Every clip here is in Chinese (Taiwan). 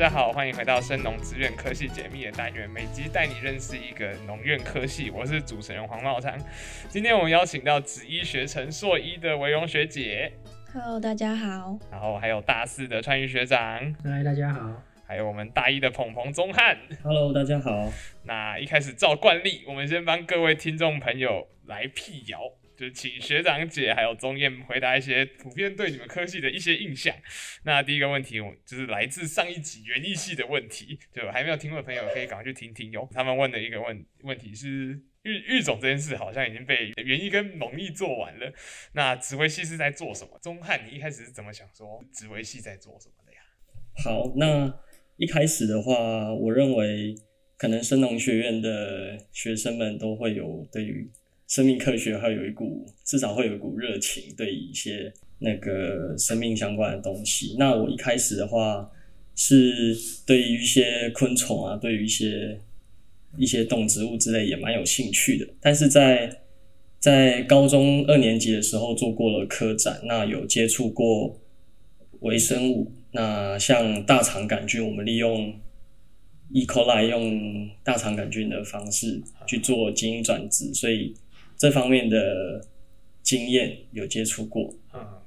大家好，歡迎回到生農資源科系解密的單元，每集帶你認識一個農院科系。我是主持人黃茂昌，今天我們邀請到植醫學程碩一的維榮學姐，Hello，大家好。然後還有大四的川渝學長，Hi，大家好。還有我們大一的彭彭中漢，Hello，大家好。那一開始照慣例，我們先幫各位聽眾朋友來闢謠。就請學長姐還有鍾燕回答一些普遍對你們科系的一些印象。那第一個問題，我就是來自上一集園藝系的問題，就還沒有聽過的朋友可以趕快去聽聽喲、哦。他們問的一個問問題是，育育種這件事好像已經被園藝跟農藝做完了，那植微系是在做什麼？宗翰，你一開始是怎麼想說植微系在做什麼的呀？好，那一開始的話，我認為可能生農學院的學生們都會有對於。生命科學會有一股，至少會有一股熱情，對於一些那個生命相關的東西。那我一開始的話是對於一些昆蟲啊，對於一些一些動植物之類也蠻有興趣的。但是在在高中二年級的時候做過了科展，那有接觸過微生物，那像大腸桿菌，我們利用 E. coli 用大腸桿菌的方式去做基因轉殖，所以。這方面的經驗有接觸過，啊、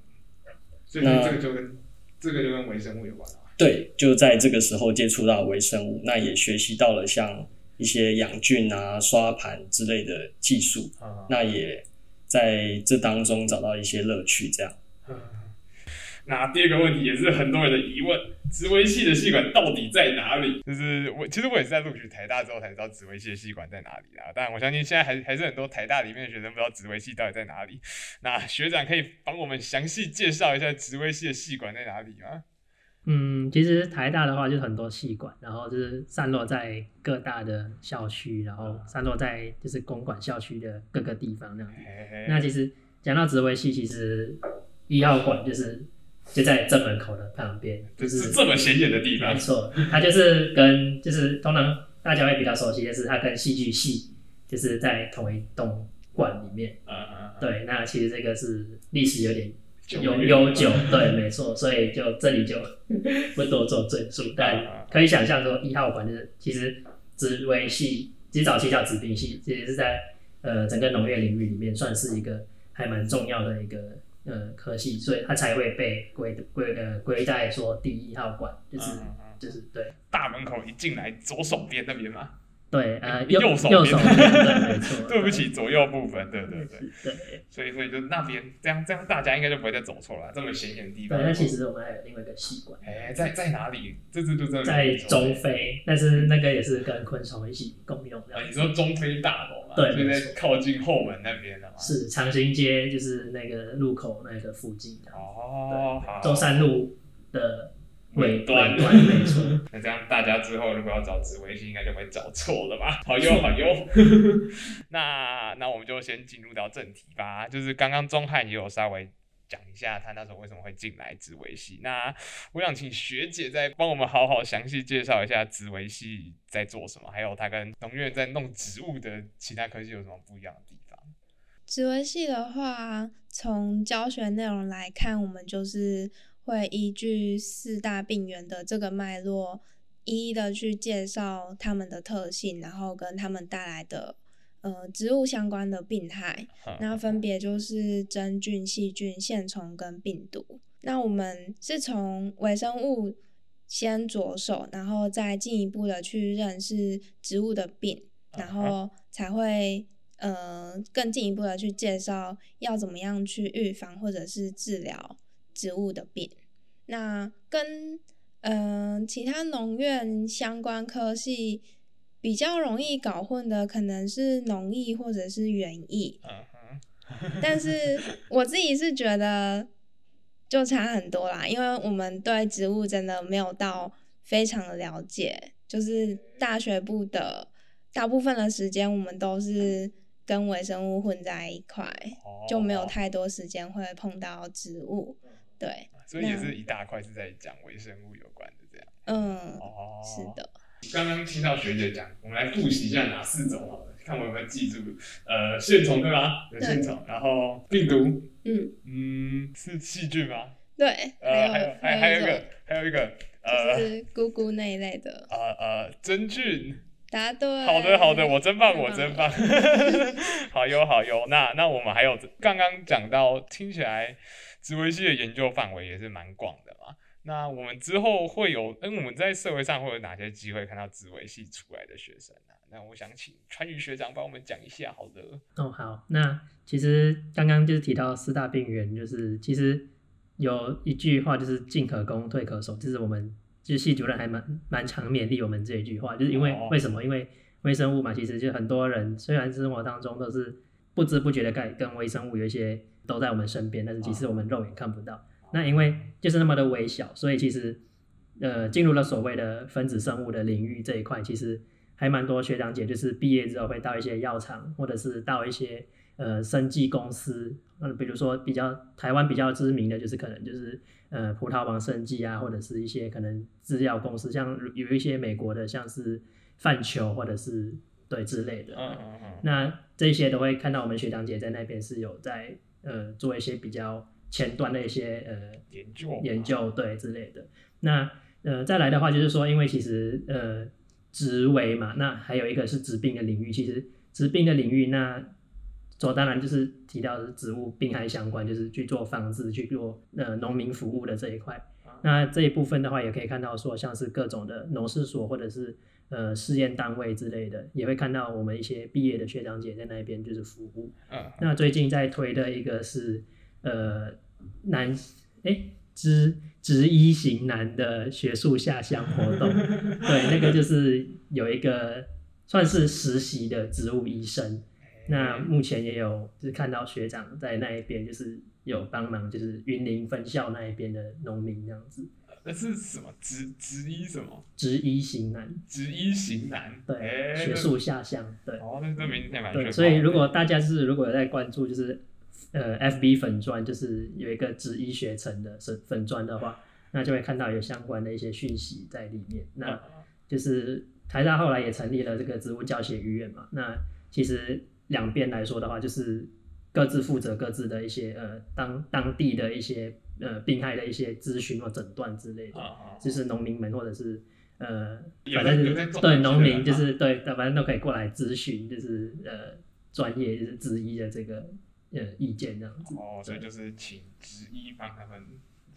嗯，那這個就跟那這個就跟微生物有關了、啊。對，就在這個時候接觸到微生物，那也學習到了像一些養菌啊、刷盤之類的技術，嗯、那也在這當中找到一些樂趣，這樣。那第二個問題也是很多人的疑問，植微系的系館到底在哪裡？就是我其實我也是在錄取台大之後才知道植微系的系館在哪裡啦、啊。但我相信現在還是還是很多台大裡面的學生不知道植微系到底在哪裡。那學長可以幫我們詳細介紹一下植微系的系館在哪裡嗎？嗯，其實台大的話就是很多系館，然後就是散落在各大的校區，然後散落在就是公館校區的各個地方那樣。嘿嘿嘿，那其實講到植微系，其實一號館就是。就在正門口的旁邊，就是,這,是這麼顯眼的地方。嗯、沒錯、嗯，它就是跟就是通常大家會比較熟悉，的是它跟戲劇系就是在同一棟館裡面。啊啊、嗯。嗯嗯、對，那其實這個是歷史有點悠悠久，月對，沒錯。所以就, 就這裡就不多做贅述，嗯、但可以想象說一號館就是其實植微系，其實早期叫植病系，其實是在呃整個農業領域裡面算是一個還蠻重要的一個。呃、嗯，可惜，所以他才會被歸歸呃歸在說第一號館，就是、嗯、就是對，大門口一進來，左手邊那邊嘛。對，呃，右手，右手，對不起，左右部分，對對對，對，所以所以就那邊，這樣這樣，大家應該就不會再走錯了，這麼顯眼的地方。對，那其實我們還有另外一個習慣，哎，在在哪裡？在在中非，但是那個也是跟昆蟲一起共用的。你說中非大樓嗎？對，那靠近後門那邊的。是長興街，就是那個路口那個附近的哦，中山路的。尾端，沒錯。 那這樣大家之後如果要找植微系，應該就會找錯了吧？好喲，好喲。 那那我們就先進入到正題吧。就是剛剛鍾漢也有稍微講一下他那時候為什麼會進來植微系。那我想請學姐再幫我們好好詳細介紹一下植微系在做什麼，還有他跟農院在弄植物的其他科系有什麼不一樣的地方。植微系的話，從教學內容來看，我們就是。會依據四大病原的這個脈絡，一一的去介紹它們的特性，然後跟它們帶來的呃植物相關的病害。啊、那分別就是真菌、細菌、線蟲跟病毒。那我們是從微生物先着手，然後再進一步的去認識植物的病，啊、然後才會呃更進一步的去介紹要怎麼樣去預防或者是治療。植物的病，那跟嗯、呃、其他農院相關科系比較容易搞混的，可能是農藝或者是園藝。Uh huh. 但是我自己是覺得就差很多啦，因為我們對植物真的沒有到非常的了解。就是大學部的大部分的時間，我們都是跟微生物混在一塊，oh oh. 就沒有太多時間會碰到植物。對，所以也是一大塊是在講微生物有關的這樣。嗯，哦，是的。剛剛聽到學姐講，我們來複習一下哪四種好了，看我有沒有記住。呃，線蟲對嗎？有線蟲，然後病毒。嗯嗯，是細菌嗎？對。呃，還還還有一個，還有一個，呃，是菇菇那一類的。呃呃，真菌。答對。好的好的，我真棒我真棒。好唷好唷，那那我們還有剛剛講到，聽起來。植微系的研究範圍也是蠻廣的嘛。那我們之後會有，嗯，我們在社會上會有哪些機會看到植微系出來的學生、啊、那我想請川渝學長幫我們講一下，好的。哦，好。那其實剛剛就是提到四大病原，就是其實有一句話就是“進可攻，退可守”，就是我們就是系主任還蠻蠻常勉勵我們這一句話，就是因為、哦、為什麼？因為微生物嘛，其實就很多人雖然生活當中都是不知不覺的跟跟微生物有一些。都在我們身邊，但是其實我們肉眼看不到。Wow. 那因為就是那麼的微小，所以其實，呃，進入了所謂的分子生物的領域這一塊，其實還蠻多學長姐就是畢業之後會到一些藥廠，或者是到一些呃生技公司。那、呃、比如說比較台灣比較知名的就是可能就是呃葡萄王生技啊，或者是一些可能製藥公司，像有一些美國的像是泛球或者是對之類的。Oh, oh, oh. 那這些都會看到我們學長姐在那邊是有在。呃，做一些比較前端的一些呃研究,研究，研究對之類的。那呃再來的話，就是說，因為其實呃，植微嘛，那還有一個是植病的領域，其實植病的領域那。所當然就是提到是植物病害相關，就是去做防治、去做呃農民服務的這一塊。那這一部分的話，也可以看到說，像是各種的農事所或者是呃試驗單位之類的，也會看到我們一些畢業的學長姐在那邊就是服務。Uh huh. 那最近在推的一個是呃男哎、欸、植職醫型男的學術下鄉活動， 對，那個就是有一個算是實習的植物醫生。那目前也有，就是看到學長在那一邊，就是有幫忙，就是雲林分校那一邊的農民這樣子。那是什麼？植植醫什麼？植醫型男，植醫型男，對，欸、學術下鄉，欸、對。哦，那這名字太蠻。對，所以如果大家是如果有在關注，就是呃，FB 粉專，就是有一個植醫學程的粉專的話，嗯、那就會看到有相關的一些訊息在裡面。那就是台大後來也成立了這個植物教學醫院嘛，那其實。兩邊來說的話，就是各自負責各自的一些呃當當地的一些、嗯、呃病害的一些諮詢或診斷之類的，就是、哦、農民們或者是呃反正對農民就是、啊、對，反正都可以過來諮詢，就是呃專業就是植醫的這個呃意見這樣子。哦，所以就是請植醫幫他們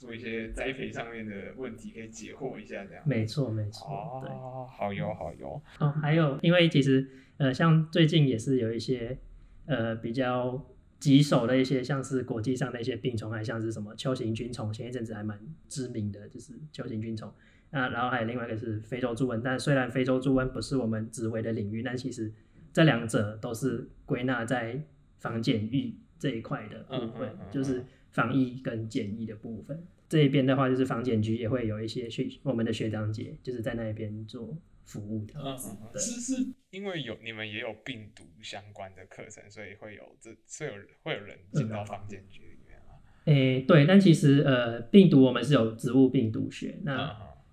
做一些栽培上面的問題，可以解惑一下，這樣沒。沒錯，沒錯。哦，對好油好油。哦，還有，因為其實，呃，像最近也是有一些，呃，比較棘手的一些，像是國際上的一些病蟲，還像是什麼秋形菌蟲，前一陣子還蠻知名的，就是秋形菌蟲。啊，然後還有另外一個是非洲豬瘟，但雖然非洲豬瘟不是我們指揮的領域，但其實這兩者都是歸納在防檢疫這一塊的部分，嗯嗯嗯嗯就是防疫跟檢疫的部分。這一邊的話，就是防檢局也會有一些去我們的學長姐，就是在那一邊做服務的。嗯，是是因為有你們也有病毒相關的課程，所以會有這會有會有人進到防檢局裡面誒、嗯欸，對，但其實呃，病毒我們是有植物病毒學，那、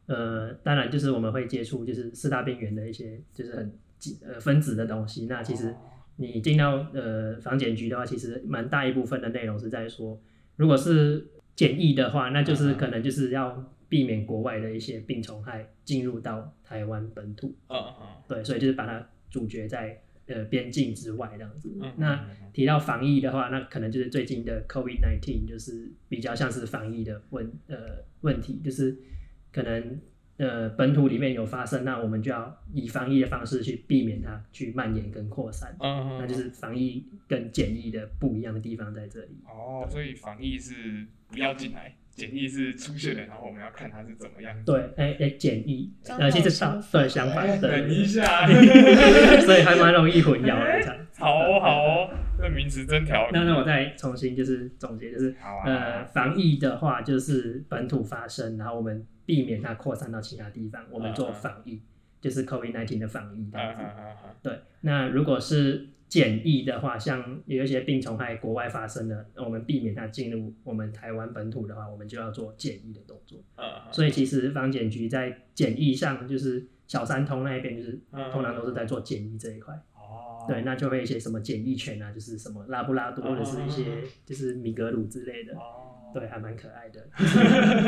嗯、呃，當然就是我們會接觸就是四大病原的一些就是很呃分子的東西。那其實你進到呃防檢局的話，其實蠻大一部分的內容是在說，如果是。檢疫的話，那就是可能就是要避免國外的一些病蟲害進入到台灣本土。Oh, oh. 對，所以就是把它阻絕在呃邊境之外這樣子。Oh, oh, oh. 那提到防疫的話，那可能就是最近的 COVID-19，就是比較像是防疫的問呃問題，就是可能。呃，本土裡面有發生，那我們就要以防疫的方式去避免它去蔓延跟擴散。哦，那就是防疫跟檢疫的不一樣的地方在這裡。哦，所以防疫是不要進來，檢疫是出現的，然後我們要看它是怎麼樣。對，哎哎，檢疫呃，其實上算相反。等一下，所以還蠻容易混淆的。好好，這個名詞真調。那那我再重新就是總結，就是呃，防疫的話就是本土發生，然後我們。避免它擴散到其他地方，我們做防疫，uh huh. 就是 COVID-19 的防疫這樣子。Uh huh. 對，那如果是檢疫的話，像有一些病蟲害國外發生的，我們避免它進入我們台灣本土的話，我們就要做檢疫的動作。Uh huh. 所以其實防檢局在檢疫上，就是小三通那邊，就是、uh huh. 通常都是在做檢疫這一塊。Uh huh. 對，那就會一些什麼檢疫犬啊，就是什麼拉布拉多，或者是一些、uh huh. 就是米格魯之類的。Uh huh. 對，還蠻可愛的。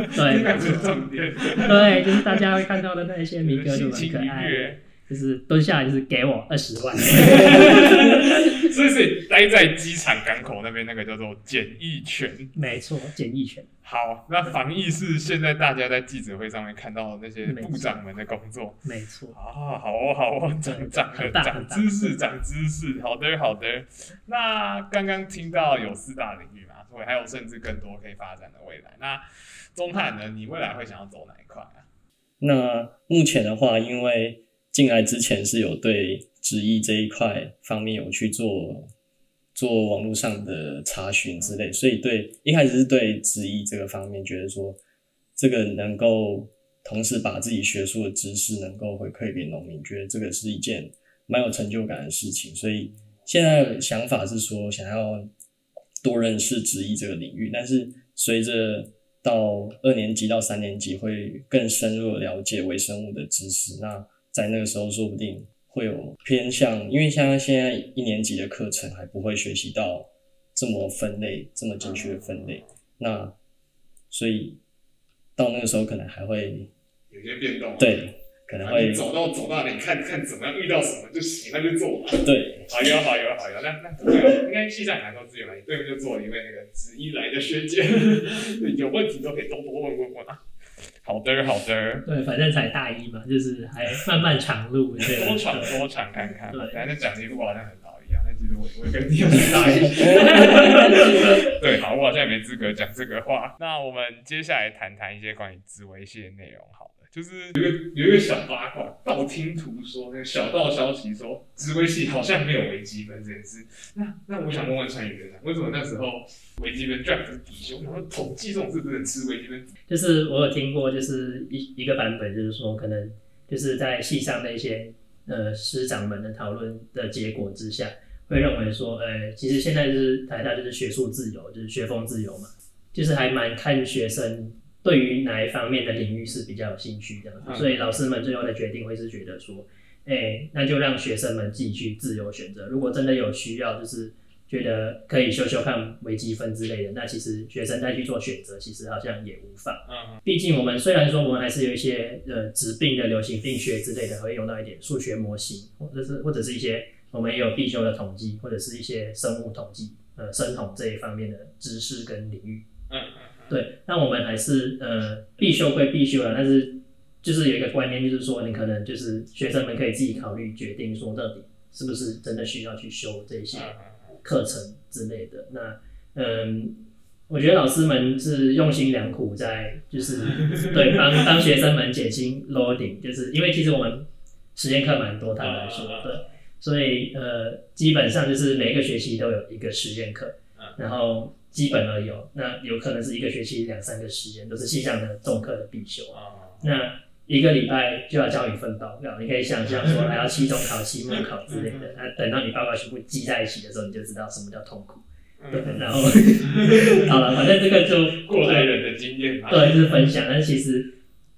對，感是重點。 對，就是大家會看到的那一些米格魯，就很可愛的。就是蹲下來，就是給我二十萬。 所以是待在機場、港口那邊那個叫做檢疫犬。沒錯，檢疫犬。好，那防疫是現在大家在記者會上面看到的那些部長們的工作。沒錯。啊，好啊，好啊，長知識，長知識。好的，好的。那剛剛聽到有四大領域。還有甚至更多可以發展的未來。那中泰呢？你未來會想要走哪一塊啊？那目前的話，因為進來之前是有對植醫這一塊方面有去做做網絡上的查詢之類，所以對一開始是對植醫這個方面，覺得說這個能夠同時把自己學術的知識能夠回饋給農民，覺得這個是一件蠻有成就感的事情。所以現在的想法是說想要。多認識植醫這個領域，但是隨着到二年級到三年級會更深入的了解微生物的知識，那在那個時候說不定會有偏向，因為像現在一年級的課程還不會學習到這麼分類，這麼精確的分類，嗯、那所以到那個時候可能還會有些變動，啊。對。可啊、你走到走到那裡，你看看怎麼樣，遇到什麼就喜歡就做吧。對，好有好有好有，那那 應該系在台自由來，對面就坐一位那個植醫來的學姐， 有問題都可以多多問問嘛。好的好的。對，反正才大一嘛，就是還漫漫長路，多長多長，看看。反正講的不好像很老一樣，但其實我我跟你不一 對，好，我好像也沒資格講這個話。那我們接下來談談一些關於植微系的內容，好。就是有一個有一個小八卦，道聽途說那個小道消息說，植微系好像沒有微積分這件事。那那我想問問蔡同學，為什麼那時候微積分居然是必修？然後統計這種事只能吃微積分。就是我有聽過，就是一一個版本，就是說可能就是在系上那些呃師長們的討論的結果之下，會認為說，呃、欸，其實現在就是台大就是學術自由，就是學風自由嘛，就是還蠻看學生。對於哪一方面的領域是比較有興趣的，嗯、所以老師們最後的決定會是覺得說，欸、那就讓學生們自己去自由選擇。如果真的有需要，就是覺得可以修修看微積分之類的，那其實學生再去做選擇，其實好像也無妨。嗯嗯、畢竟我們雖然說我們還是有一些呃植病的流行病學之類的，會用到一點數學模型，或者是或者是一些我們也有必修的統計，或者是一些生物統計呃生統這一方面的知識跟領域。嗯。對，那我們還是呃必修歸必修啊。但是就是有一個觀念，就是說你可能就是學生們可以自己考慮決定，說到底是不是真的需要去修這些課程之類的。那嗯、呃，我覺得老師們是用心良苦，在就是 對，幫幫學生們減輕 loading，就是因為其實我們實驗課蠻多，坦白說，對，所以呃基本上就是每個學期都有一個實驗課，然後。基本而有，那有可能是一個學期兩三個時間，都是氣象的重課的必修啊。嗯、那一個禮拜就要教一份報告，對，你可以想象說，還要期中考、期末考之類的。那、嗯嗯啊、等到你把報告全部記在一起的時候，你就知道什麼叫痛苦。嗯、對。然後、嗯、 好了，反正這個就過來人的經驗、啊，吧。對，就是分享。但其實，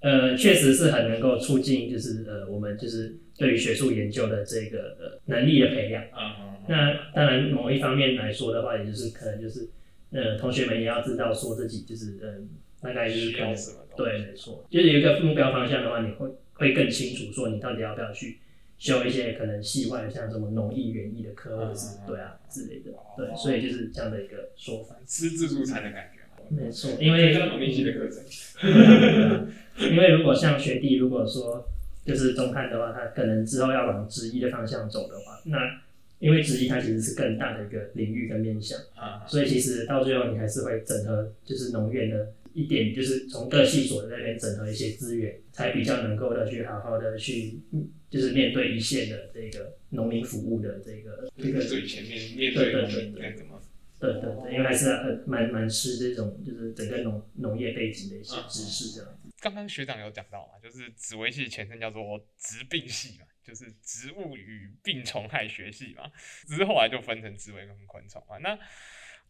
呃，確實是很能夠促進，就是呃，我們就是對於學術研究的這個呃能力的培養啊。嗯嗯、那當然，某一方面來說的話，也就是可能就是。呃、嗯，同學們也要知道說自己就是嗯，大概就是開始。對，沒錯，就是有一個目標方向的話，你會會更清楚說你到底要不要去修一些可能系外像什麼農藝、園藝的課，對啊，啊之類的，啊、對，啊、所以就是這樣的一個說法，吃自助餐的感覺，啊。沒錯錯，因為農藝系的課程。 因為如果像學弟如果說就是中翰的話，他可能之後要往植醫的方向走的話，那。因為植醫它其實是更大的一個領域跟面向，啊，所以其實到最後你還是會整合，就是農院的一點，就是從各系所的那邊整合一些資源，才比較能夠的去好好的去、嗯，就是面對一線的這個農民服務的這個這個最前面對對對對，面對的這個對對對，因為還是蠻蠻吃這種就是整個農農業背景的一些知識這樣，剛剛、啊啊、學長有講到嘛，就是植微系前身叫做植病系嘛。就是植物與病蟲害學系嘛，只是後來就分成植物跟昆蟲啊。那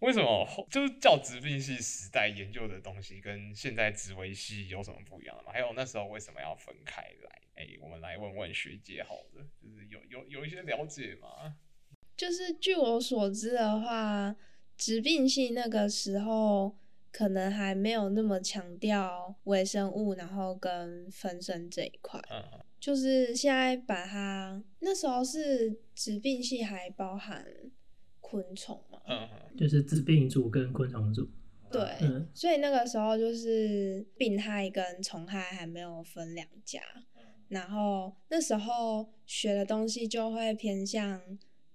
為什麼就是叫植病系時代研究的東西跟現在植微系有什麼不一樣嘛？還有那時候為什麼要分開來？哎、欸，我們來問問學姐好了，就是有有，有一些了解嗎？就是據我所知的話，植病系那個時候可能還沒有那麼強調微生物，然後跟分生這一塊。嗯就是現在把它那時候是植病系還包含昆蟲嘛，嗯，就是植病組跟昆蟲組，對，嗯、所以那個時候就是病害跟蟲害還沒有分兩家，然後那時候學的東西就會偏向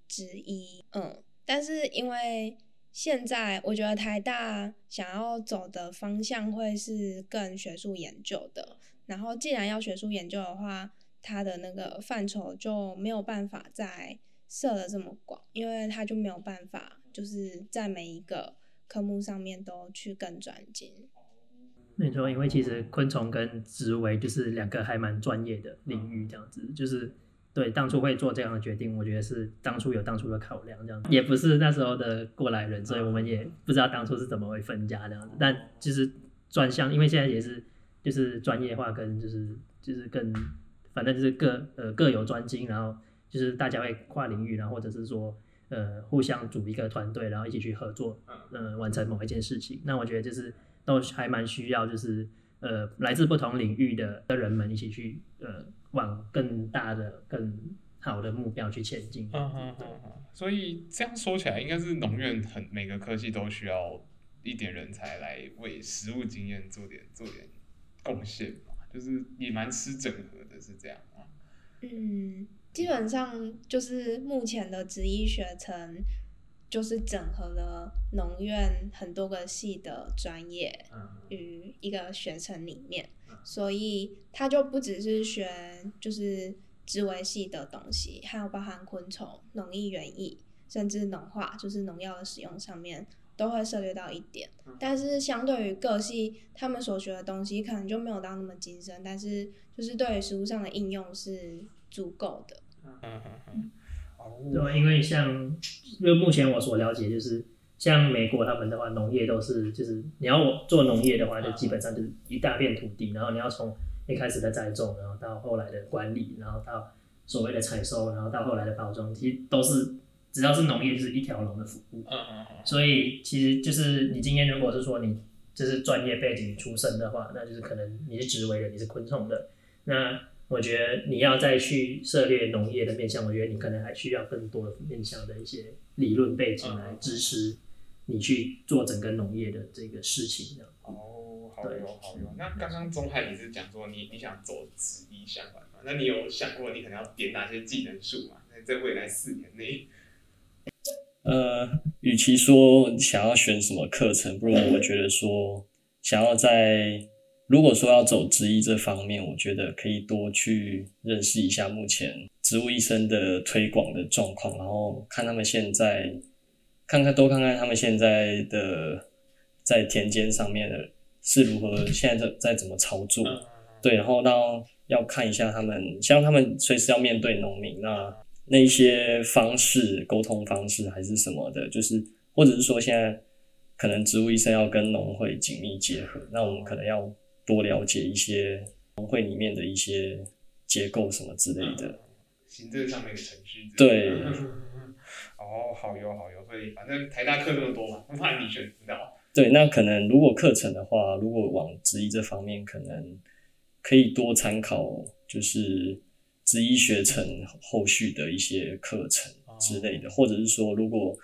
植醫，嗯，但是因為。現在我覺得台大想要走的方向會是更學術研究的，然後既然要學術研究的話，它的那個範疇就沒有辦法再設的這麼廣，因為它就沒有辦法就是在每一個科目上面都去更專精。沒錯，因為其實昆蟲跟植微就是兩個還蠻專業的領域，這樣子就是。對，當初會做這樣的決定，我覺得是當初有當初的考量，這樣也不是那時候的過來人，所以我們也不知道當初是怎麼會分家這樣子。但其實專項，因為現在也是就是專業化跟就是就是跟，反正就是各呃各有專精，然後就是大家會跨領域，然後或者是說呃互相組一個團隊，然後一起去合作，嗯、呃，完成某一件事情。那我覺得就是都還蠻需要，就是呃來自不同領域的的人們一起去呃。往更大的、更好的目標去前進。嗯嗯嗯嗯。嗯嗯，所以這樣說起來，應該是農院很每個科系都需要一點人才來為實務經驗做點做點貢獻嘛，就是也蠻吃整合的，是這樣嗯，嗯，基本上就是目前的植醫學程，就是整合了農院很多個系的專業於一個學程裡面。所以他就不只是學就是植微系的東西，還有包含昆蟲、農藝、園藝，甚至農化，就是農藥的使用上面都會涉獵到一點。但是相對於各系，他們所學的東西可能就沒有到那麼精深，但是就是對於實務上的應用是足夠的。嗯嗯嗯，對，oh, wow. 因為像，因為目前我所了解就是。像美國他們的話，農業都是就是你要做農業的話，就基本上就是一大片土地，然後你要從一開始的栽種，然後到後來的管理，然後到所謂的採收，然後到後來的包裝，其實都是只要是農業就是一條龍的服務。所以其實就是你今天如果是說你就是專業背景出身的話，那就是可能你是植微的，你是昆蟲的。那我覺得你要再去涉獵農業的面向，我覺得你可能還需要更多面向的一些理論背景來支持。你去做整個農業的這個事情的哦、oh, 對，好有好有。那剛剛宗海也是講說你、嗯、你想走植醫相關嘛？那你有想過你可能要點哪些技能樹嘛？那在未來四年內，呃，與其說想要選什麼課程，不如我覺得說想要在如果說要走植醫這方面，我覺得可以多去認識一下目前植物醫生的推廣的狀況，然後看他們現在。看看，多看看他們現在的在田間上面的是如何，現在在在怎麼操作，對，然後呢，要看一下他們，像他們隨時要面對農民，那那些方式、溝通方式還是什麼的，就是或者是說現在可能植物醫生要跟農會緊密結合，那我們可能要多了解一些農會裡面的一些結構什麼之類的，嗯，行政上面的程序的，對。哦，oh, 好油好油，所以反正台大課這麼多嘛，不怕你學不到。對，那可能如果課程的話，如果往植醫這方面，可能可以多參考就是植醫學程後續的一些課程之類的，oh. 或者是說，如果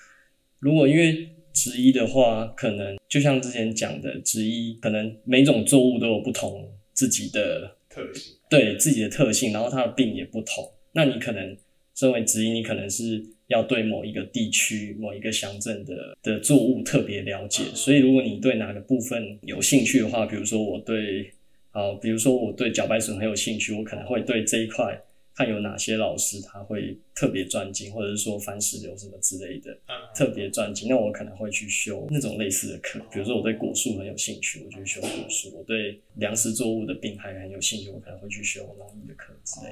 如果因為植醫的話，可能就像之前講的，植醫可能每種作物都有不同自己的特性，對自己的特性，然後它的病也不同。那你可能身為植醫，你可能是。要對某一個地區、某一個鄉鎮的的作物特別了解，所以如果你對哪個部分有興趣的話，比如說我對啊、呃，比如說我對茭白筍很有興趣，我可能會對這一塊看有哪些老師他會特別專精，或者是說番石榴什麼之類的，嗯、特別專精，那我可能會去修那種類似的課。比如說我對果樹很有興趣，我就修果樹；我對糧食作物的病害很有興趣，我可能會去修農藝的課之類。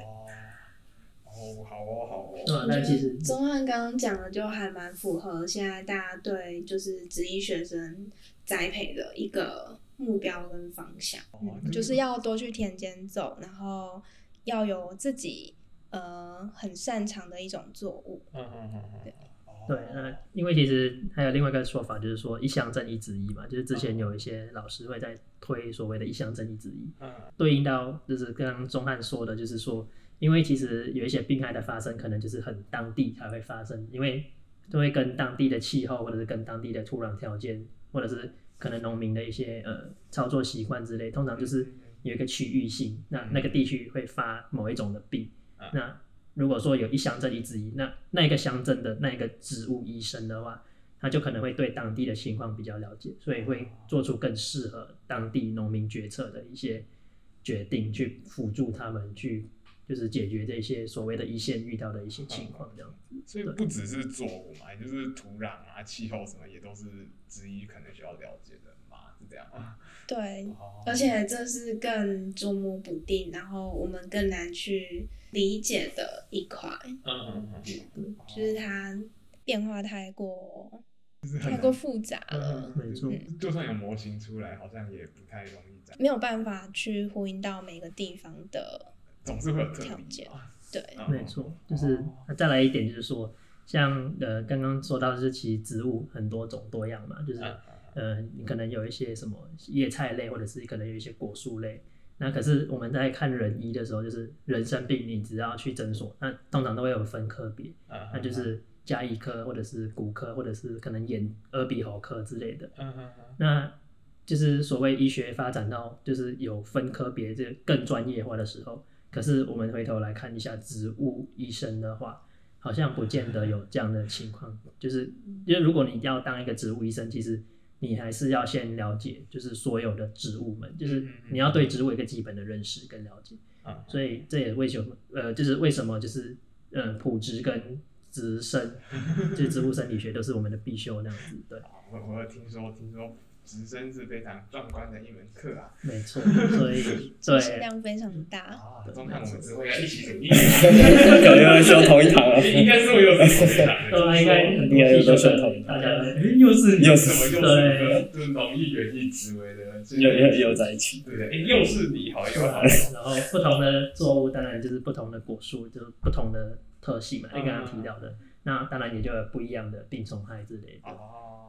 哦，好哦，好哦。嗯嗯、那其實鍾漢剛剛講的就還蠻符合現在大家對就是植醫學生栽培的一個目標跟方向，嗯嗯、就是要多去田間走，然後要有自己呃很擅長的一種作物。嗯嗯嗯嗯。嗯嗯對對，那、啊、因為其實還有另外一個說法，就是說一鄉鎮一植醫嘛，就是之前有一些老師會在推所謂的“一鄉鎮一植醫”，嗯，對應到就是剛剛宗漢說的，就是說，因為其實有一些病害的發生，可能就是很當地才會發生，因為都會跟當地的氣候或者是跟當地的土壤條件，或者是可能農民的一些呃操作習慣之類，通常就是有一個區域性，那那個地區會發某一種的病，那、啊。如果說有一鄉鎮一植醫，那那個鄉鎮的那個植物醫生的話，他就可能會對當地的情況比較了解，所以會做出更適合當地農民決策的一些決定，去輔助他們去就是解決這些所謂的一線遇到的一些情況這樣子、哦哦嗯。所以不只是作物嘛，就是土壤啊、氣候什麼也都是植醫，可能需要了解的嘛，是這樣嗎？對，哦、而且這是更捉摸不定，然後我們更難去。嗯理解的一塊，嗯嗯，對，就是它變化太過，太過複雜了，沒錯，就算有模型出來，好像也不太容易，沒有辦法去呼應到每個地方的，總是會有條件，對，沒錯，就是再來一點就是說，像呃剛剛說到的是其實植物很多種多樣嘛，就是呃你可能有一些什麼葉菜類，或者是可能有一些果樹類。那可是我們在看人醫的時候，就是人生病你只要去診所，那通常都會有分科別，那就是家醫科或者是骨科或者是可能眼耳鼻喉科之類的。那就是所謂醫學發展到就是有分科別就、這個、更專業化的時候，可是我們回頭來看一下植物醫生的話，好像不見得有這樣的情況，就是因為如果你要當一個植物醫生，其實。你還是要先了解，就是所有的植物們，就是你要對植物一個基本的認識跟了解啊。嗯嗯嗯，所以這也為什麼，呃，就是為什麼就是呃，普植跟植生， 就植物生理學都是我們的必修那樣子，對。我我聽說聽說。聽說植生是非常壯觀的一門課啊，沒錯，所以對量非常大好啊。都看我們植微要一起努力，哈有哈哈哈，要同一堂啊應該是又是同一堂，應該很多學生，大家哎，又是又是又是同一人一的，又又又在一起，對不對？又是你好，又是你好。然後不同的作物，當然就是不同的果樹，就不同的特性嘛，你剛剛提到的，那當然也就有不一樣的病蟲害之類的。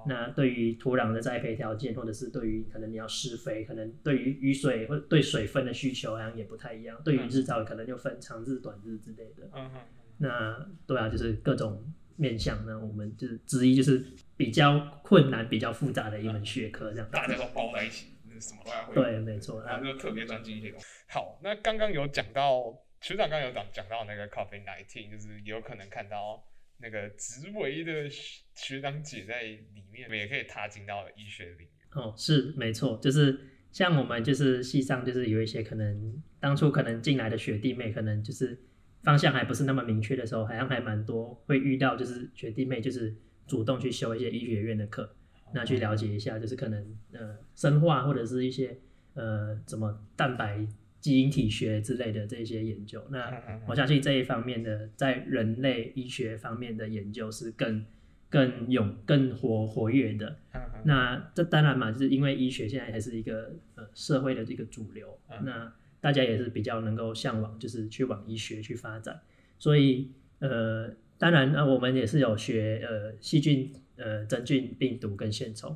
那對於土壤的栽培條件，或者是對於可能你要施肥，可能對於雨水或者對水分的需求好像也不太一樣。嗯、對於日照，可能就分長日、短日之類的。嗯嗯，哼。那對啊，就是各種面向呢，我們，就是之一，就是比較困難、比較複雜的一門學科，嗯、這樣大家都包在一起，嗯、什麼都要會。對，沒錯，啊就特別專注一些。好，那剛剛有講到學長，剛有講講到那個 COVID nineteen，就是有可能看到。那個植醫的學長姐在裡面，也可以踏進到醫學裡面。哦，是沒錯，就是像我們就是系上就是有一些可能當初可能進來的學弟妹，可能就是方向還不是那麼明確的時候，好像還蠻多會遇到就是學弟妹就是主動去修一些醫學院的課，嗯、那去了解一下，就是可能呃生化或者是一些呃怎麼蛋白。基因體學之類的這些研究，那我相信這一方面的在人類醫學方面的研究是更更勇更活活躍的。那這當然嘛，就是因為醫學現在還是一個呃社會的一個主流，那大家也是比較能夠向往，就是去往醫學去發展。所以呃，當然啊，我們也是有學呃細菌、呃真菌、病毒跟線蟲，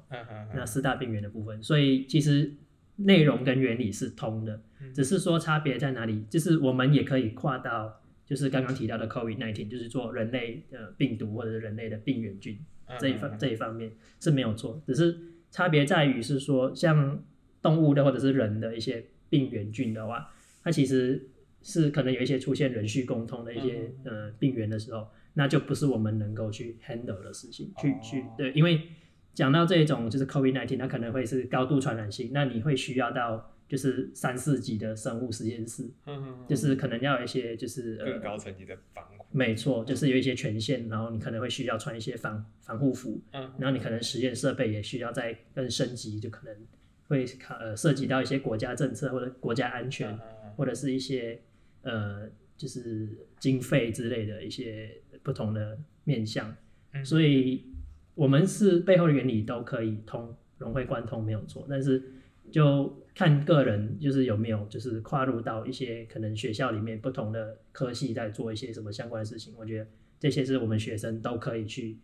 那四大病原的部分，所以其實內容跟原理是通的。只是說差別在哪裡？就是我們也可以跨到，就是剛剛提到的 COVID-19，就是做人類的病毒或者是人類的病原菌這一方這一方面是沒有錯。只是差別在於是說，像動物的或者是人的一些病原菌的話，它其實是可能有一些出現人畜共通的一些嗯嗯嗯呃病原的時候，那就不是我們能夠去 handle 的事情。嗯、去去對，因為講到這一種就是 COVID-19，它可能會是高度傳染性，那你會需要到。就是三四級的生物實驗室，呵呵呵就是可能要有一些就是更高層級的防護、呃，沒錯，就是有一些權限，然後你可能會需要穿一些防防護服，嗯，然後你可能實驗設備也需要再更升級，就可能會呃涉及到一些國家政策或者國家安全，嗯、或者是一些呃就是經費之類的一些不同的面向，嗯、所以我們是背後的原理都可以通，融會貫通沒有錯，但是就。看個人就是有沒有就是跨入到一些可能學校裡面不同的科系在做一些什麼相關的事情，我覺得這些是我們學生都可以去，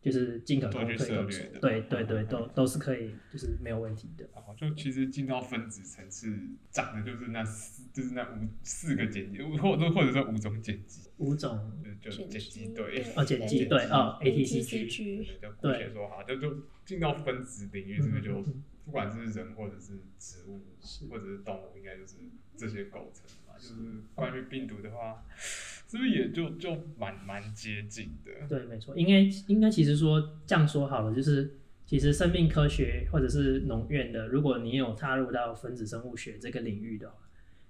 就是盡可能可以都對對對，都都是可以，就是沒有問題的。就其實進到分子層次，講的就是那四，就是那五四個鹼基，或或者說五種鹼基。五種鹼基對，鹼基對，A T C G，對，姑且說好，就就進到分子領域這個就。不管是人或者是植物是或者是動物，應該就是這些構成吧。是就是關於病毒的話，啊、是不是也就就蠻蠻接近的？對，沒錯，應該應該其實說這樣說好了，就是其實生命科學、嗯、或者是農院的，如果你有踏入到分子生物學這個領域的話，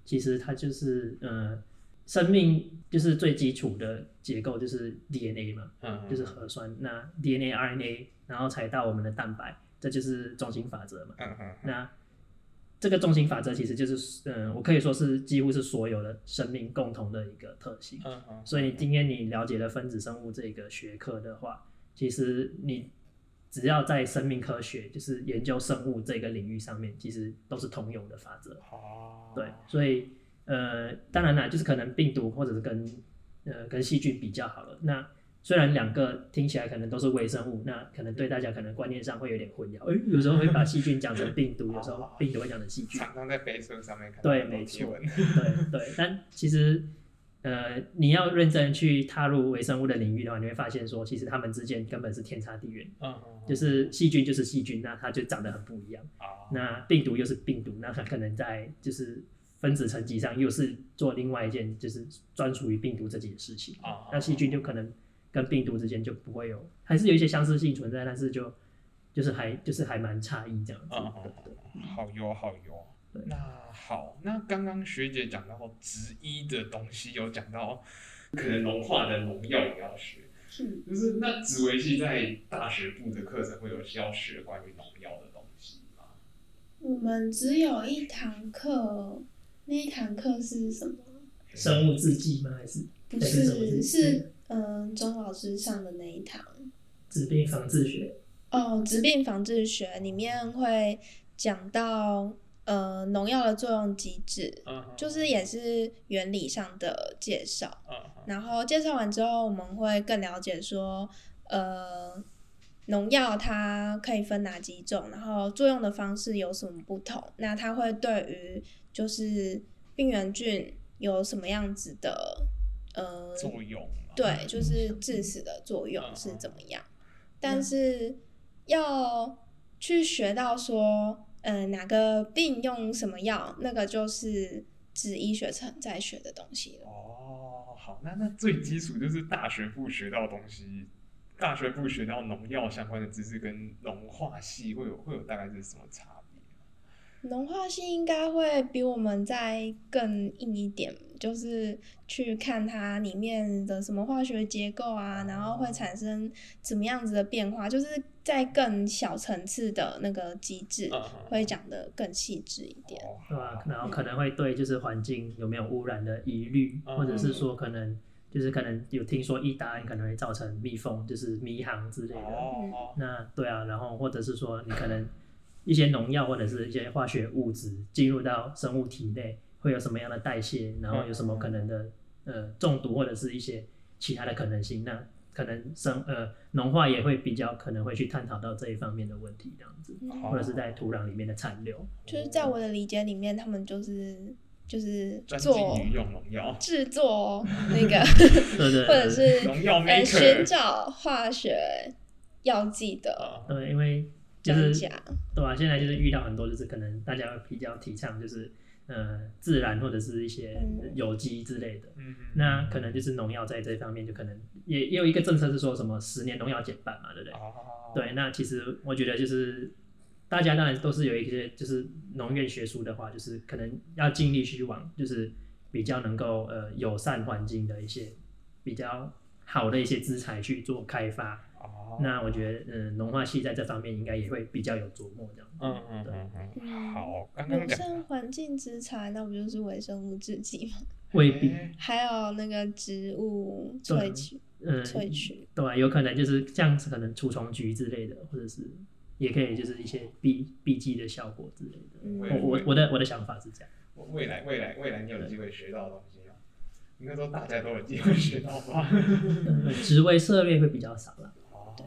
其實它就是呃，生命就是最基礎的結構就是 DNA 嘛，嗯，嗯，嗯，嗯，就是核酸，那 DNA、嗯、RNA，然後才到我們的蛋白。這就是中心法則嘛。嗯、哼哼，那這個中心法則其實就是，嗯、呃，我可以說是幾乎是所有的生命共同的一個特性。嗯、哼哼所以今天你了解了分子生物這個學科的話，其實你只要在生命科學，就是研究生物這個領域上面，其實都是通用的法則。哦、對。所以，呃，當然了，就是可能病毒或者是跟，呃，跟細菌比較好了。那雖然兩個聽起來可能都是微生物，那可能對大家可能觀念上會有點混淆。欸、有時候會把細菌講成病毒，有時候病毒會講成細菌。常常在非分上面搞混。沒錯，對對， 但其實呃，你要認真去踏入微生物的領域的話，你會發現說，其實他們之間根本是天差地遠。哦哦哦，就是細菌就是細菌，那它就長得很不一樣。哦哦，那病毒又是病毒，那它可能在就是分子層級上又是做另外一件，就是專屬於病毒這件事情。哦哦哦，那細菌就可能。跟病毒之間就不會有，還是有一些相似性存在，但是就就是還就是還蠻差異這樣子。嗯嗯嗯。好喲好喲，對那好，那剛剛學姐講到植醫的東西，有講到可能農化的農藥也要學，是，就是那植微系在大學部的課程會有需要學關於農藥的東西嗎？我們只有一堂課，那一堂課是什麼？生物制劑嗎？還是不是是，是？嗯，鍾、呃、老師上的那一堂，植病防治學哦，植病防治學裡面會講到，呃，農藥的作用機制，uh huh. 就是也是原理上的介紹。Uh huh. 然後介紹完之後，我們會更了解說，呃，農藥它可以分哪幾種，然後作用的方式有什麼不同？那它會對於就是病原菌有什麼樣子的，呃，作用。對，就是致死的作用是怎麼樣？嗯、但是要去學到說，嗯、呃，哪個病用什麼藥，那個就是植醫學程在學的東西了。哦，好，那那最基礎就是大學部學到東西，大學部學到農藥相關的知識跟農化系會有會有大概是什麼差別？啊？農化系應該會比我們再更硬一點。就是去看它裡面的什麼化學結構啊，然後會產生怎麼樣子的變化，就是在更小層次的那個機制會講的更細緻一點，對吧？然後可能會對就是環境有沒有汙染的疑慮，嗯、或者是說可能就是可能有聽說益達胺可能會造成蜜蜂就是迷航之類的，哦，哦那對啊，然後或者是說你可能一些農藥或者是一些化學物質進入到生物體內。會有什麼樣的代謝，然後有什麼可能的、嗯呃、中毒或者是一些其他的可能性？那可能生呃農化也會比較可能會去探討到這一方面的問題，這樣子，嗯、或者是在土壤裡面的殘留。就是在我的理解裡面，他們就是就是做農藥製作那個，或者是尋、呃、找化學藥劑的，對，因為。就是對吧、啊，現在就是遇到很多，就是可能大家比較提倡，就是呃自然或者是一些有機之類的。嗯、那可能就是農藥在這方面就可能也也有一個政策是說什麼十年農藥減半嘛，對不對？哦哦哦對，那其實我覺得就是大家當然都是有一些，就是農院學術的話，就是可能要盡力去往就是比較能夠呃友善環境的一些比較好的一些資材去做開發。哦、那我覺得，嗯，農化系在這方面應該也會比較有琢磨這樣。嗯嗯嗯對嗯。好，像環境植材，那不就是微生物製劑嗎？未必、欸。還有那個植物萃取，啊、嗯，萃取。對、啊，有可能就是這樣子，可能除蟲菊之類的，或者是也可以，就是一些 B B G 的效果之類的。嗯、我我的我的想法是這樣。未來未來未來，未來未來你有機會學到東西嗎對應該說大家都有機會學到吧？職 位涉獵會比較少了。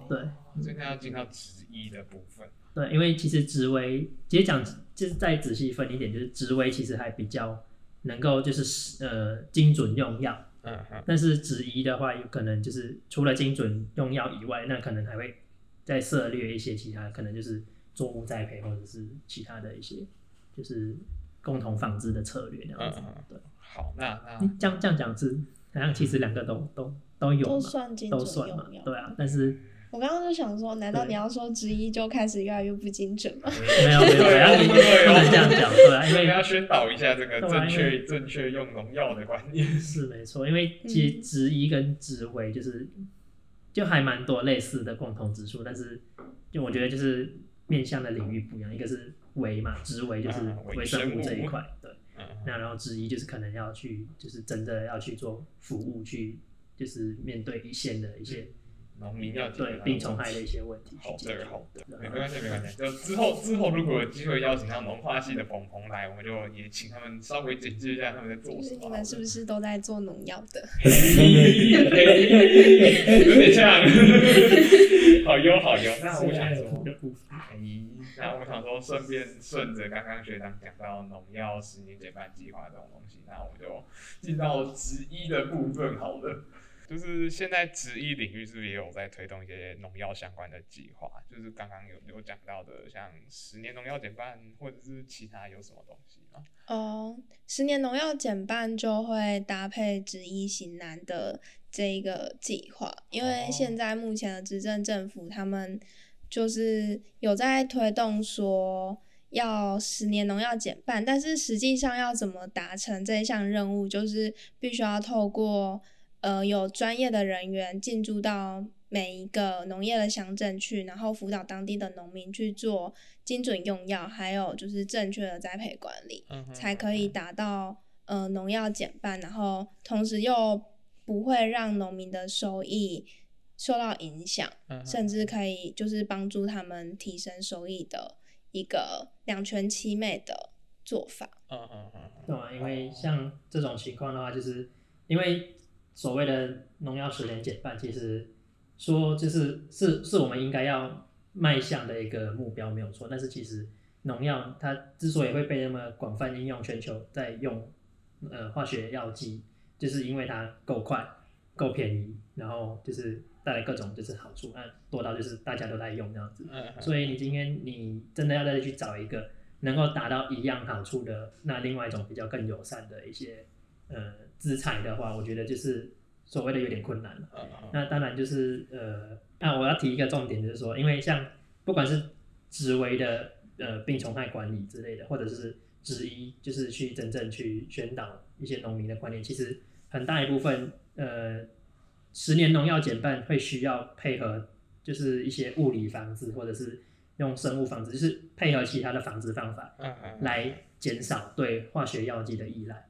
對，你以他要進到植醫的部分，嗯。對，因為其實植微，其實講就是再仔細分一點，就是植微其實還比較能夠就是呃精準用藥、嗯。嗯。但是植醫的話，有可能就是除了精準用藥以外，那可能還會再涉獵一些其他，可能就是作物栽培或者是其他的一些就是共同防治的策略，這樣子。嗯嗯、對。好、嗯，那那這樣這樣講是好像其實兩個都都都有嘛，都算，用都算嘛對啊，但是。我剛剛就想說，難道你要說植醫就開始越來越不精準嗎？沒有，對，不能這樣講。對，因為要宣導一下這個正確、正確用農藥的觀念是沒錯。因為其實植醫跟植微就是就還蠻多類似的共同之處，但是就我覺得就是面向的領域不一樣。一個是微嘛，植微就是微生物這一塊，對。那然後植醫就是可能要去，就是真的要去做服務，去就是面對一線的一些。農民要解決病蟲害的一些問題。好，對，好，對，沒關係，沒關係。就之後，之後如果有機會邀請到農化系的朋朋來，我們就也請他們稍微檢視一下他們在做什麼。你們是不是都在做農藥的？有點像，好喲，好喲。那我想說，哎，那我想說，順便順着剛剛學長講到農藥十年減半計劃這種東西，那我們就進到植微的部分好了。就是現在植醫領域是不是也有在推動一些農藥相關的計劃？就是剛剛有有講到的，像十年農藥減半或者是其他有什麼東西嗎？哦，oh, 十年農藥減半就會搭配植醫型男的這個計劃，因爲現在目前的執政政府、oh. 他們就是有在推動說要十年農藥減半，但是實際上要怎麼達成這項任務，就是必須要透過。呃，有專業的人員進駐到每一個農業的鄉鎮去，然後輔導當地的農民去做精準用藥，還有就是正確的栽培管理，uh huh, uh huh. 才可以達到呃農藥減半，然後同時又不會讓農民的收益受到影響，uh huh, uh huh. 甚至可以就是幫助他們提升收益的一個兩全其美的做法。嗯嗯嗯，huh. 對啊，因為像這種情況的話，就是因為。所謂的農藥十年減半，其實說就是是是我們應該要邁向的一個目標，沒有錯。但是其實農藥它之所以會被那麼廣泛應用，全球在用呃化學藥劑，就是因為它夠快、夠便宜，然後就是帶來各種就是好處，那多到就是大家都在用這樣子。所以你今天你真的要再去找一個能夠達到一樣好處的那另外一種比較更友善的一些呃。資產的話，我覺得就是所謂的有點困難。Uh huh. 那當然就是呃，那、啊、我要提一個重點，就是說，因為像不管是植微的呃病蟲害管理之類的，或者是植醫，就是去真正去宣導一些農民的觀念，其實很大一部分呃，十年農藥減半會需要配合就是一些物理防治，或者是用生物防治，就是配合其他的防治方法，uh huh. 來減少對化學藥劑的依賴。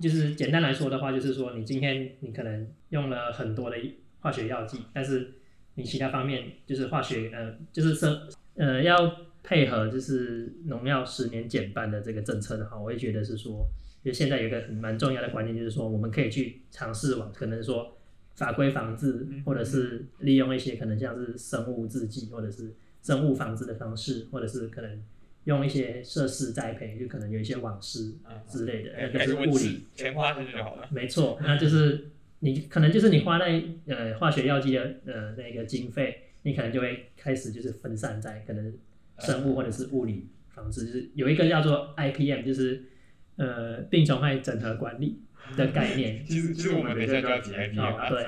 就是簡單來說的話，就是說你今天你可能用了很多的化學藥劑，但是你其他方面就是化學呃就是說呃要配合就是農藥十年減半的這個政策的話，我也覺得是說，因為現在有一個很蠻重要的觀念，就是說我們可以去嘗試往可能說法規防治，或者是利用一些可能像是生物製劑或者是生物防治的方式，或者是可能。用一些設施栽培，就可能有一些網室啊之類的，嗯、那就是物理。錢花出去就好了。沒錯，那就是你可能就是你花那呃化學藥劑的呃那個經費，你可能就會開始就是分散在可能生物或者是物理防治，呃、就是有一個叫做 IPM，就是呃病蟲害整合管理的概念。其實、就是、其實我們沒在教 IPM 對，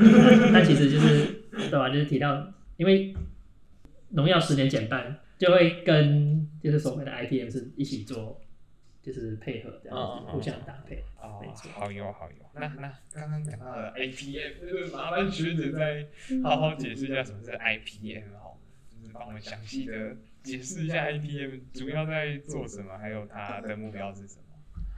那 其實就是對吧、啊？就是提到因為農藥十年減半，就會跟。就是所謂的 IPM 是一起做，就是配合這樣子，互相搭配。哦,哦,哦，好有好有。那那剛剛講到了 IPM 就是麻煩學姐再好好解釋一下什麼是 IPM 哦，嗯嗯就是幫我們詳細的解釋一下 IPM 主要在做什麼，還有它的目標是什麼。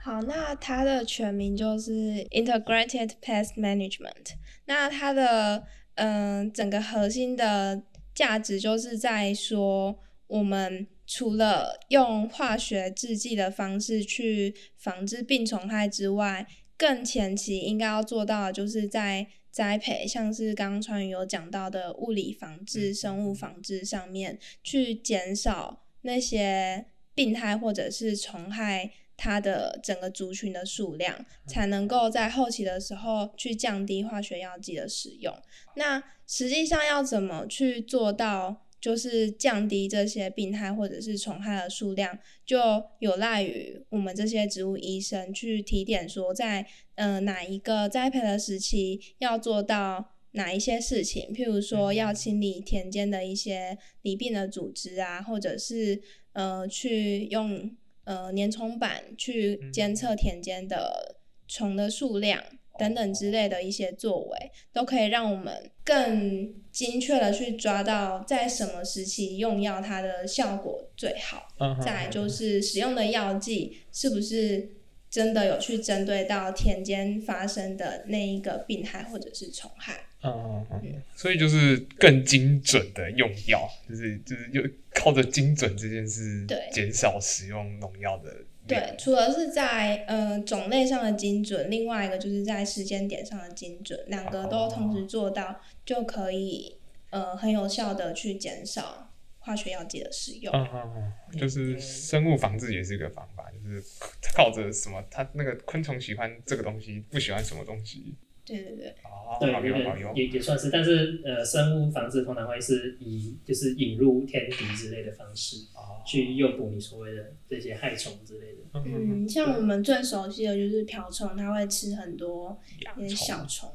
好，那它的全名就是 Integrated Pest Management。那它的嗯、呃，整個核心的價值就是在說我們。除了用化學製劑的方式去防治病蟲害之外，更前期應該要做到的就是在栽培，像是剛剛川渝有講到的物理防治、生物防治上面，去減少那些病害或者是蟲害它的整個族群的數量，才能夠在後期的時候去降低化學藥劑的使用。那實際上要怎麼去做到？就是降低這些病害或者是蟲害的數量，就有賴於我們這些植物醫生去提點說在，在呃哪一個栽培的時期要做到哪一些事情，譬如說要清理田間的一些罹病的組織啊，或者是呃去用呃粘蟲板去監測田間的蟲的數量。等等之類的一些作為，都可以讓我們更精確的去抓到在什麼時期用藥它的效果最好。嗯哼嗯哼嗯。再來就是使用的藥劑是不是真的有去針對到田間發生的那一個病害或者是蟲害？嗯嗯嗯，Yeah. 所以就是更精準的用藥對、就是，就是就是就靠着精準這件事，減對少使用農藥的。Yeah. 對，除了是在呃種類上的精準，另外一個就是在時間點上的精準，兩個都同時做到就可以，oh. 呃，很有效的去減少化學藥劑的使用。嗯，oh. oh. Yeah. 就是生物防治也是一個方法，就是靠着什麼，它那個昆蟲喜歡這個東西，不喜歡什麼東西。對對對，oh, 好用，好用。對，對，對，也也算是，但是呃，生物防治通常會是以，就是引入天敵之類的方式，oh. 去誘捕你所謂的這些害蟲之類的。嗯，對像我們最熟悉的，就是瓢蟲，它會吃很多一些小蟲。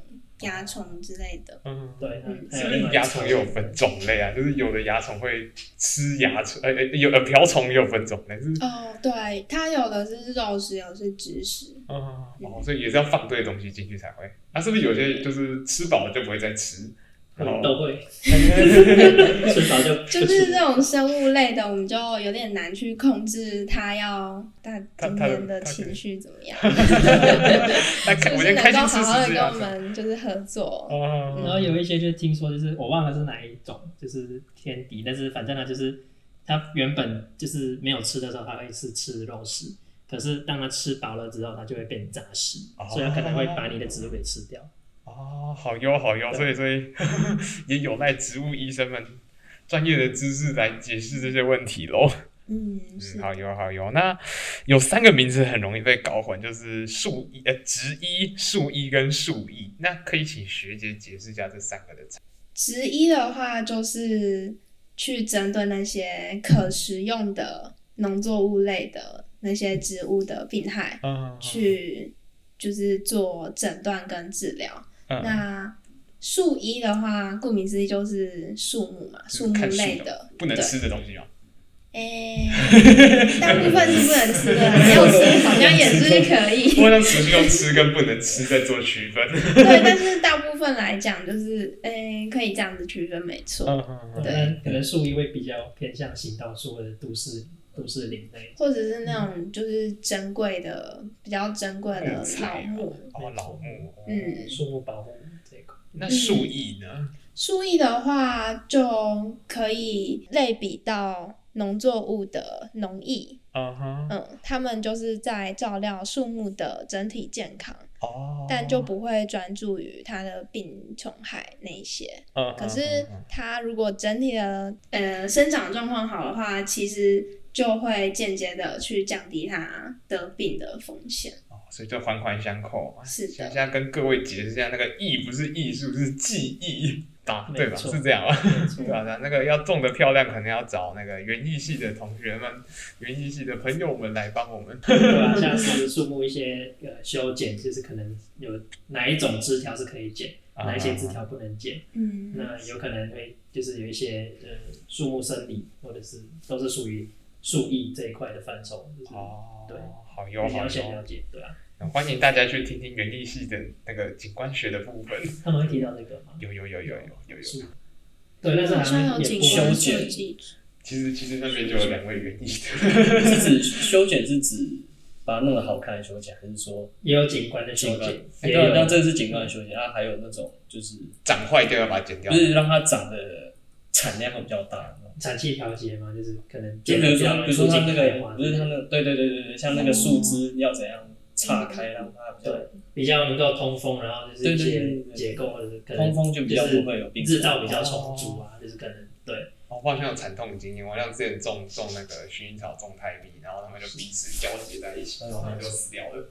蚜蟲之類的，嗯，對、啊，嗯，是不是蚜蟲也有分種類啊？就是有的蚜蟲會吃蚜蟲，呃哎，有、呃呃，瓢蟲也有分種類，是，是哦，對，它有的是肉食，有的是植食，嗯、哦，所以也是要放對東西進去才會。那、啊、是不是有些就是吃飽了就不會再吃？都會吃就好 就是這種生物類的，我們就有點難去控制它，要它今天的情緒怎麼樣， 就是能夠好好的跟我們就是合作。Oh, oh, oh. 然後有一些就聽說就是我忘了是哪一種，就是天敵，但是反正呢就是它原本就是沒有吃的時候，它會是吃肉食，可是當它吃飽了之後，它就會變雜食，所以它可能會把你的植物給吃掉。哦，好喲好喲，所以所以呵呵也有賴植物醫生們專業的知識來解釋這些問題嘍。嗯，嗯，好喲好喲。那有三個名字很容易被搞混，就是樹醫、呃，植醫、樹醫跟樹醫。那可以請學姐解釋一下這三個的差別。植醫的話，就是去針對那些可食用的農作物類的那些植物的病害，嗯嗯嗯嗯、去就是做診斷跟治療。 那樹衣的話，顧名思義就是樹木嘛，樹木類的，不能吃的東西哦、喔、哎，欸、 大部分是不能吃的，你要 吃 好像也是可以。不什麼要用吃跟不能吃在做區分？ 對，但是大部分來講，就是哎、欸，可以這樣子區分沒錯，沒錯。嗯對，可能樹衣會比較偏向行道樹或者都市或者是那種就是珍貴的，嗯、比較珍貴的老木，哦，老木，嗯，樹木保護這個，嗯，那樹藝呢？樹藝的話就可以類比到農作物的農藝，uh huh. 嗯，他們就是在照料樹木的整體健康，uh huh. 但就不會專注於它的病蟲害那些，uh huh. 可是它如果整體的，uh huh. 呃生長狀況好的話，其實。就會間接的去降低它得病的風險哦，所以就環環相扣。是的，現在跟各位解釋一下，那個藝不是藝術，是，不是技藝啊，錯對吧？是這樣嗎？錯 啊，那個要種的漂亮，可能要找那個園藝系的同學們、園藝系的朋友們來幫我們。對吧 像是樹木一些呃修剪，就是可能有哪一種枝條是可以剪，啊啊啊哪一些枝條不能剪。嗯，那有可能會就是有一些呃樹木生理，或者是都是屬於樹藝這一塊的範疇哦，對，好有好先了解，對吧？歡迎大家去聽聽園藝系的那個景觀學的部分，他們會提到這個嗎？有有有有有有有，對，但是他們修剪，其實其實那邊就有兩位園藝的，是指修剪是指把它弄得好看的修剪，還是說也有景觀的修剪？對，那這是景觀的修剪啊，還有那種就是長壞掉就要把它剪掉，就是讓它長的產量比較大。產期調節嘛，就是可能，比如說，比那個，不是、那個、對對對對對，像那個樹枝要怎樣岔開，讓它比、嗯、對比較能夠通風，然後就是一些結構或者是通風就比較不會有病，日照比較充足啊，就是可能對。哦哦、我好像有慘痛經驗，我好像之前種種那個薰衣草種太密，然後它們就彼此交疊在一起，然後他們就死掉了。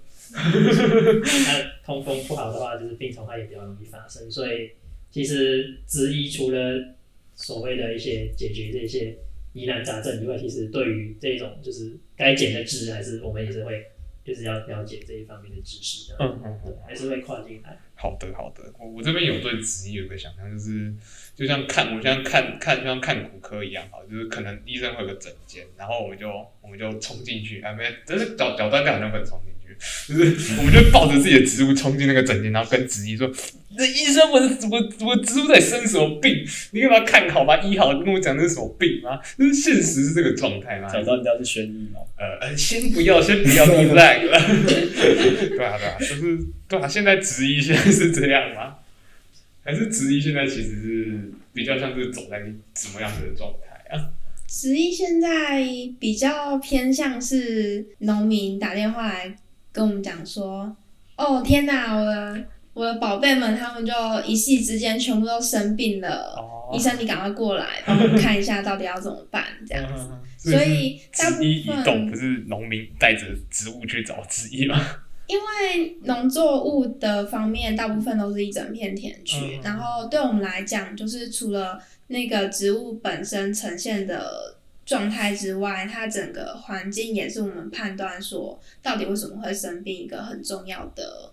通風不好的話，就是病蟲害也比較容易發生，所以其實植醫除了。所謂的一些解決，這些疑難雜症以外，其實對於這種就是該減的知識，還是我們也是會，就是要了解這一方面的知識的。嗯嗯嗯，還是會跨進來。好的好的，我我這邊有對職業有一個想象，就是就像看我像在看看像看骨科一樣啊，就是可能醫生會有個診間，然後我們就我們就衝進去，還沒，但是腳腳端在，可能很衝。就是，我們就抱着自己的植物衝進那個診間，然後跟植醫說：“那、欸、醫生，我我我植物在生什麼病？你給它看好吧，醫好，跟我講這是什麼病嗎？就是現實是這個狀態嗎？”講到你那是宣醫嗎？呃，先不要，先不要 b l a 了。 對啊，對啊，就是對啊。現在植醫現在是這樣嗎？還是植醫現在其實是比較像是走在什麼樣子的狀態啊？植醫現在比較偏向是農民打電話來。跟我們講說，哦天哪，我的我的寶貝們，他們就一夕之間全部都生病了。Oh. 醫生，你趕快過來幫我們看一下，到底要怎麼辦？ 這樣子，所以，大部分，植醫移動，不是農民帶着植物去找植醫嗎？因為農作物的方面，大部分都是一整片田區，Oh. 然後對我們來講，就是除了那個植物本身呈現的狀態之外，它整個環境也是我們判斷說到底為什麼會生病一個很重要的，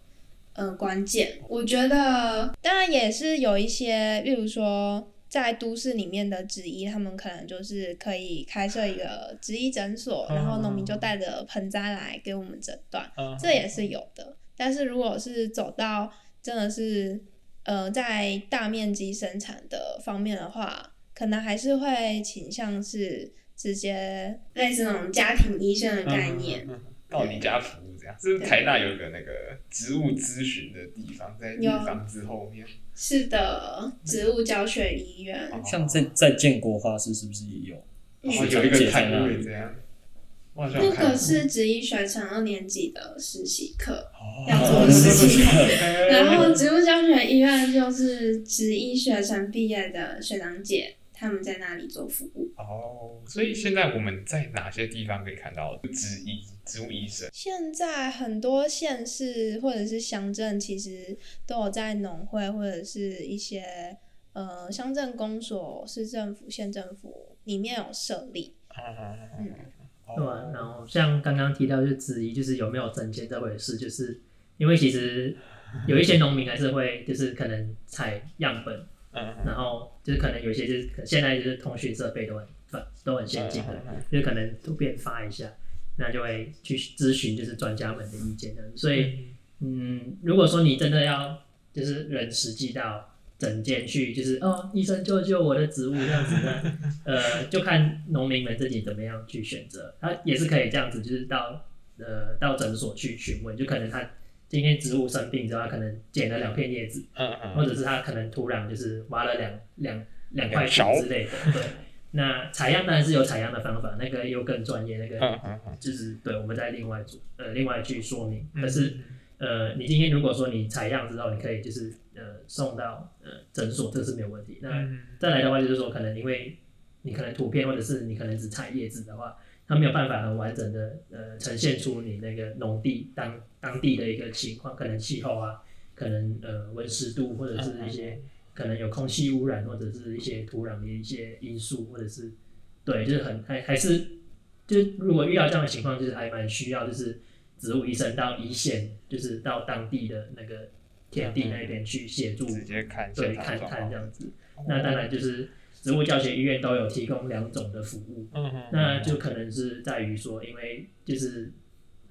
嗯、呃，關鍵。我覺得當然也是有一些，例如說在都市裡面的植醫，他們可能就是可以開設一個植醫診所，然後農民就帶着盆栽來給我們診斷，嗯嗯嗯嗯、這也是有的。但是如果是走到真的是，呃，在大面積生產的方面的話，可能還是會傾向是。直接類似那種家庭醫生的概念，嗯嗯嗯、到你家服務這樣。是不對是台大有一個那個植物諮詢的地方，在房子後面對？是的，對植物教學醫院。像在在建國花市是不是也有？哦、有一個看，妹那個是植醫學程二年級的實習課，哦、要做實習課、哦、 然後植物教學醫院就是植醫學程畢業的學長姐。他們在那裡做服務哦，oh, 所以現在我們在哪些地方可以看到植醫植物醫生？現在很多縣市或者是鄉鎮，其實都有在農會或者是一些呃鄉鎮公所、市政府、縣政府裡面有設立。Uh, 嗯，oh. 對、啊、然後像剛剛提到，就植醫就是有沒有證件這回事，就是因為其實有一些農民還是會就是可能採樣本。然後就是可能有些就是現在就是通訊設備都很都很先進的 就可能圖片發一下，那就會去諮詢就是專家們的意見。所以，嗯，如果說你真的要就是人實際到診間去，就是哦醫生救救我的植物這樣子呢， 呃，就看農民們自己怎麼樣去選擇，他也是可以這樣子，就是到呃到診所去詢問，就可能他。今天植物生病之後，可能剪了兩片葉子，嗯嗯、或者是他可能土壤就是挖了兩兩兩塊土之類的。橋對，那採樣當然是有採樣的方法，那個又更專業，那個就是、嗯嗯、對，我們再另外呃另外去說明。但是呃，你今天如果說你採樣之後，你可以就是呃送到呃診所，這是沒有問題。那再來的話就是說，可能因為你可能圖片，或者是你可能只採葉子的話，它沒有辦法很完整的呃，呃呈現出你那個農地當。當地的一個情況，可能氣候啊，可能呃溫濕度，或者是一些嗯嗯可能有空氣汙染，或者是一些土壤的一些因素，或者是對，就是很還還是就如果遇到這樣的情況，就是還蠻需要就是植物醫生到一線，就是到當地的那個田地那邊去協助，嗯嗯對，看一看這樣子。嗯嗯那當然就是植物教學醫院都有提供兩種的服務，嗯嗯嗯嗯那就可能是在於說，因為就是。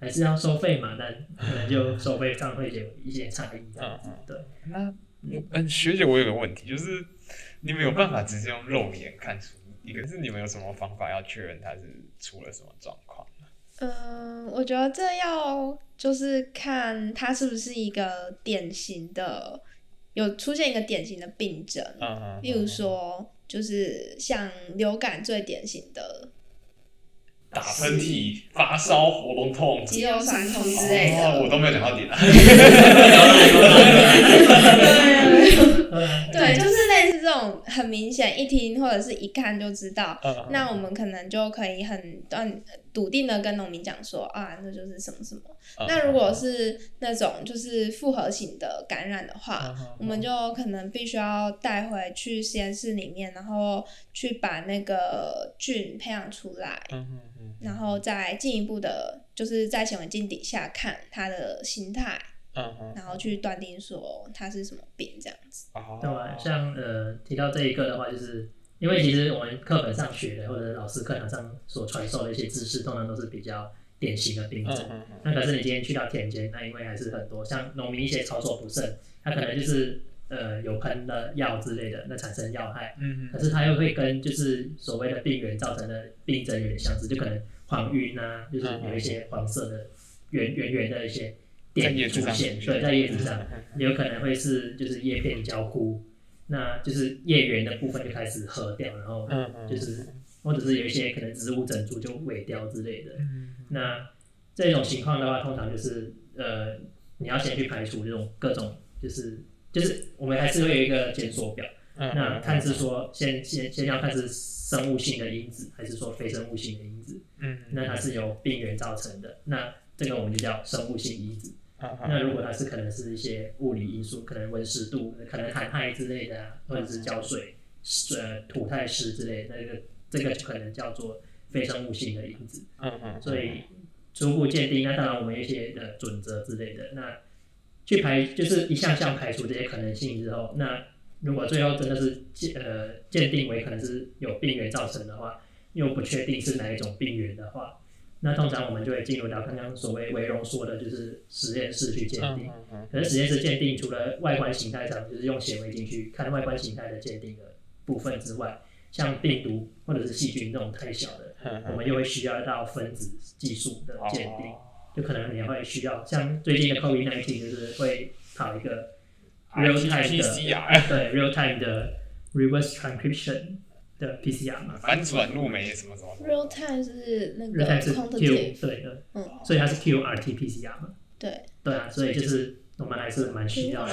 還是要收費嘛，但可能就收費上會有一些差異、 嗯。嗯嗯。對。那嗯，學姐，我有個問題，就是你沒有辦法直接用肉眼看出，一個、嗯嗯、是你們有什麼方法要確認它是出了什麼狀況？嗯，我覺得這要就是看它是不是一個典型的，有出現一個典型的病症。比、嗯嗯、例如說，就是像流感最典型的。打噴嚏、發燒、喉嚨痛、肌肉酸痛之類的、哦，我都沒有講到底了。對，就是。很明顯，一聽或者是一看就知道。Uh huh. 那我們可能就可以很篤定的跟農民講說啊，那就是什麼什麼。Uh huh. 那如果是那種就是複合型的感染的話，uh huh. 我們就可能必須要帶回去實驗室裡面，然後去把那個菌培養出來，uh huh. 然後再進一步的，就是在顯微鏡底下看它的形態。然後去斷定說它是什麼病，這樣子。對、哦，像呃提到這一個的話，就是因為其實我們課本上學的，或者老師課堂上所傳授的一些知識，通常都是比較典型的病症。嗯嗯嗯、那可是你今天去到田間，那因為還是很多像農民一些操作不慎，他可能就是、嗯、呃有噴了藥之類的，那產生藥害。嗯。嗯可是他又會跟就是所謂的病原造成的病症有點相似，就可能黃暈啊，就是有一些黃色的、嗯、圓圓圓的一些。點也出現，對，在葉子上，有可能會是就是葉片焦枯，那就是葉緣的部分就開始褐掉，然後就是或者是有一些可能植物整株就萎凋之類的。那這種情況的話，通常就是呃你要先去排除這種各種就是就是我們還是會有一個檢索表，那看是說先先先要看是生物性的因子還是說非生物性的因子。那它是由病原造成的，那這個我們就叫生物性因子。 那如果它是可能是一些物理因素，可能溫濕度、可能含曬之類的、啊，或者是澆水，呃，土太濕之類的，那這個這個就可能叫做非生物性的因子。嗯嗯。 所以初步鑑定，那當然我們一些的準則之類的，那去排就是一項項排除這些可能性之後，那如果最後真的是鑑呃鑑定為可能是有病原造成的話，又不確定是哪一種病原的話。那通常我們就會進入到剛剛所謂維榮說的，就是實驗室去鑑定。嗯嗯嗯、可是實驗室鑑定除了外觀形態上，就是用顯微鏡去看外觀形態的鑑定的部分之外，像病毒或者是細菌這種太小的，嗯嗯、我們又會需要到分子技術的鑑定。嗯嗯、就可能你會需要，像最近的 COVID-19 就是會跑一個 real time 的，哎、對、嗯、real time 的 reverse transcription。對，PCR 嘛，反轉錄酶什麼什麼，Real Time 是那個，Real Time 是 Q，對對，嗯，所以它是 QRTPCR 嘛，對對，啊，所以就是我們還是蠻需要的。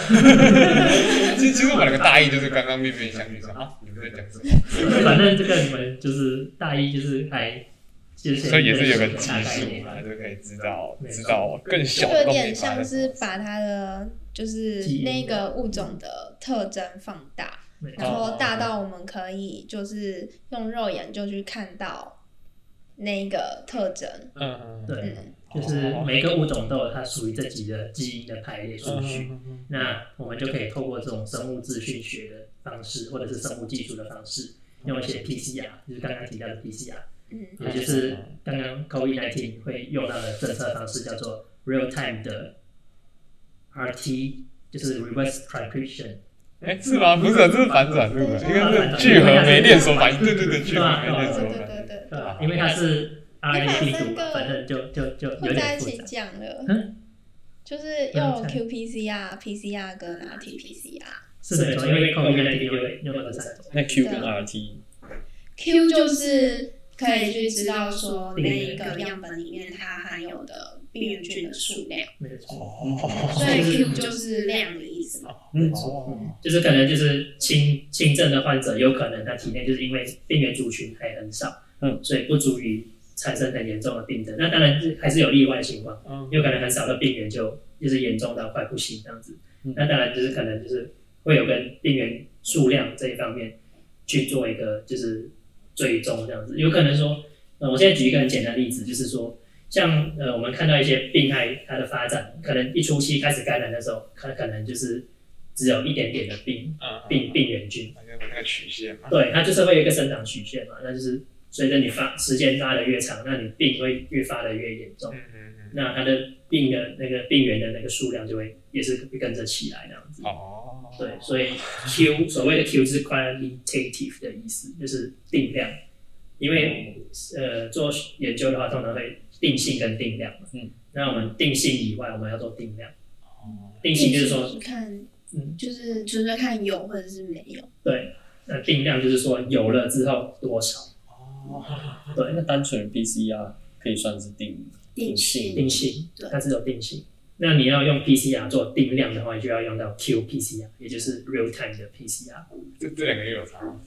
其實其實我那個大一就是剛剛面面相覷說啊，你們在講什麼？反正這個你們就是大一就是還。所以也是有個知識，你們還是可以知道知道更小，這有點像是把它的就是那個物種的特徵放大。然後大到我們可以就是用肉眼就去看到那一個特徵，嗯對嗯，對，就是每個物種都有它屬於自己的基因的排列順序，嗯、那我們就可以透過這種生物資訊學的方式，或者是生物技術的方式，用一些 PCR，就是剛剛提到的 PCR，嗯，也就是剛剛 COVID-19 會用到的檢測方式，叫做 real time 的 RT，就是 reverse transcription。哎，是嗎？不是，這是反轉錄，應該是聚合酶鏈鎖反應。對對對，聚合酶鏈鎖反應。對對對，因為它是啊，一度反個就就就會在一起講的。嗯，就是用 qpcr、pcr 跟 rtpcr，是的，因為後面要要 q 跟 rt，q 就是。可以去知道說那一個樣本裡面它含有的病原菌的數量，沒錯，所以 Q 就是量的意思嘛，沒錯，嗯，就是可能就是輕輕症的患者，有可能他體內就是因為病原族群還很少，嗯，所以不足以產生很嚴重的病症。嗯，那當然還是有例外情況，有，嗯，可能很少的病原就就是嚴重到快不行這樣子。嗯，那當然就是可能就是會有跟病原數量這一方面去做一個就是。最終這樣子，有可能說，呃，我現在舉一個很簡單的例子，就是說，像呃，我們看到一些病害它的發展，可能一初期開始感染的時候，它可能就是只有一點點的病，啊、嗯，病、嗯、病原菌，啊、對，它就是會有一個生長曲線嘛，那就是。隨着你發時間拉的越長，那你病會越發的越嚴重。那它的病的那個病原的那個數量就會也是跟着起來這樣子。哦。對，所以 Q 所謂的 Q 是 quantitative 的意思，就是定量。因為、哦、呃做研究的話，通常會定性跟定量嗯。那我們定性以外，我們要做定量。哦。定性就是說是看，嗯，就是純就粹是看有或者是沒有。對。那定量就是說有了之後多少。對，那單純 PCR 可以算是定定性，定性，對，它是有定性。那你要用 PCR 做定量的話，就要用到 qPCR，也就是 real time 的 PCR。這這兩個又有差嗎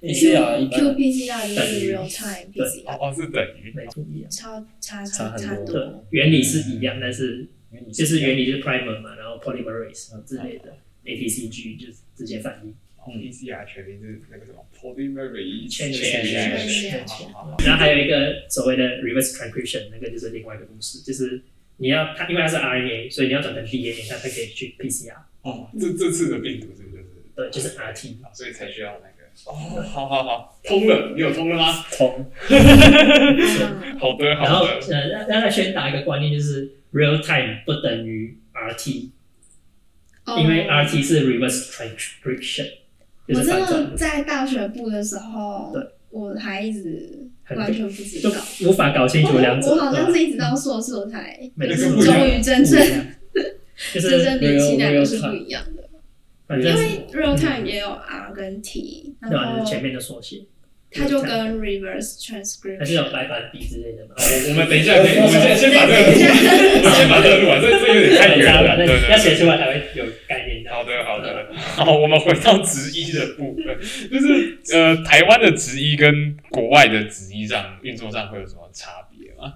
？PCR、qPCR 等於 real time PCR 哦是等於，沒不一樣。差差差很多。對，原理是一樣，但是就是原理就是 primer 嘛，然後 polymerase 啊之類的，A、T、C、G 就是直接反應。PCR 全名是那個什麼 Polymerase Chain Reaction，然後還有一個對所謂的 Reverse Transcription，那個就是另外一個故事，就是你要它，因為它是 RNA，所以你要轉成 DNA，它才可以去 PCR。哦，這這次的病毒是不是？對，對，對，對，就是 RT，所以才需要那個。哦，好好好，好，通了，你有通了嗎？ 通。好的，好的。然後呃，那那再先打一個觀念，就是 Real Time 不等於 RT，、oh. 因為 RT 是 Reverse Transcription。我真的在大學部的時候，我還一直完全不知道，無法搞清楚兩者。我好像是一直到碩士我才終於真正真正理解，兩就是不一樣的。因為 real time 也有 R 跟 T，然後前面的縮寫，它就跟 reverse transcription，還是有白板筆之類的嗎？我們等一下，我們先先把這個，我先把這個錄完，這這有點太遠了，要寫出來才會有。好，哦我們回到植醫的部分， 就是呃，台灣的植醫跟國外的植醫上運作上會有什麼差別嗎？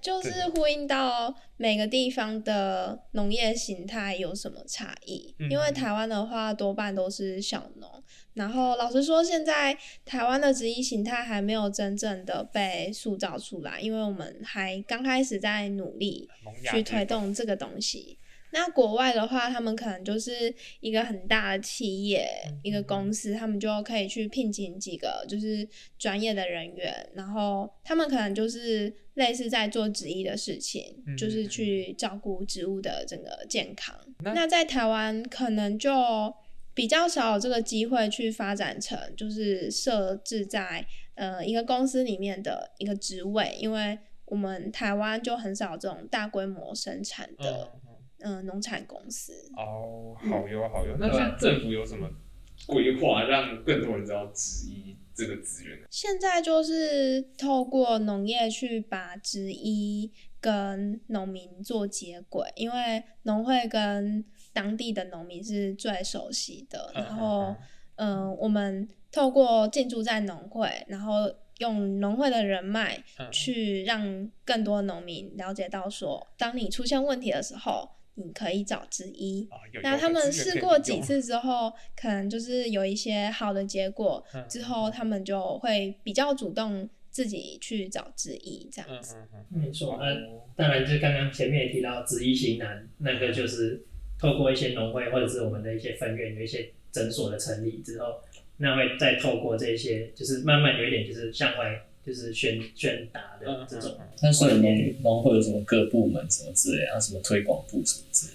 就是呼應到每個地方的農業形態有什麼差異，嗯嗯，因為台灣的話多半都是小農。然後老實說，現在台灣的植醫形態還沒有真正的被塑造出來，因為我們還剛開始在努力去推動這個東西。那國外的話，他們可能就是一個很大的企業，嗯嗯嗯、一個公司，他們就可以去聘請幾個就是專業的人員，然後他們可能就是類似在做職業的事情，嗯嗯、就是去照顧植物的整個健康。那，那在台灣可能就比較少有這個機會去發展成，就是設置在呃一個公司裡面的一個職位，因為我們台灣就很少這種大規模生產的，呃。嗯，農產公司哦、oh，好用好用。嗯、那現在政府有什麼規劃，讓更多人知道植醫這個資源？現在就是透過農業去把植醫跟農民做接軌，因為農會跟當地的農民是最熟悉的。然後，嗯，嗯，嗯、呃，我們透過進駐在農會，然後用農會的人脈去讓更多農民了解到說，說當你出現問題的時候，你可以找植醫，啊、有有那他們試過幾次之後，可能就是有一些好的結果，嗯、之後他們就會比較主動自己去找植醫這樣子。沒錯，那、啊嗯、當然就剛剛前面也提到紫型，植醫行男那個就是透過一些農會或者是我們的一些分院、有一些診所的成立之後，那會再透過這些，就是慢慢有一點就是向外。就是宣宣達的這種，但是裡面然後會有什麼各部門什麼之類啊，什麼推廣部什麼之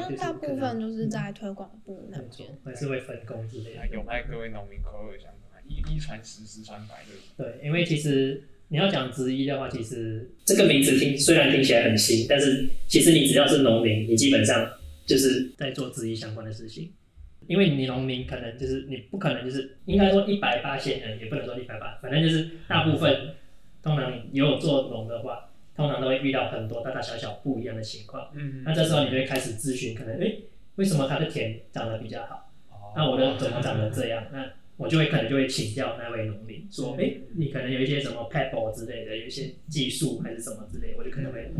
類，對，大部分都是在推廣部那種，還是會分工之類的。有派各位農民口耳相傳，一一傳十，十傳百。對，因為其實你要講植醫的話，其實這個名詞聽雖然聽起來很新，但是其實你只要是農民，你基本上就是在做植醫相關的事情。因為你農民可能就是你不可能就是應該說一百八千人也不能說一百八，反正就是大部分，通常你有做農的話，通常都會遇到很多大大小小不一樣的情況。嗯、那這時候你就會開始諮詢，可能哎，為什麼他的田長得比較好？那、哦啊、我的怎麼長得這樣？ 那我就會可能就會請教那位農民說，哎，你可能有一些什麼 pebble 之類的，有一些技術還是什麼之類，我就可能會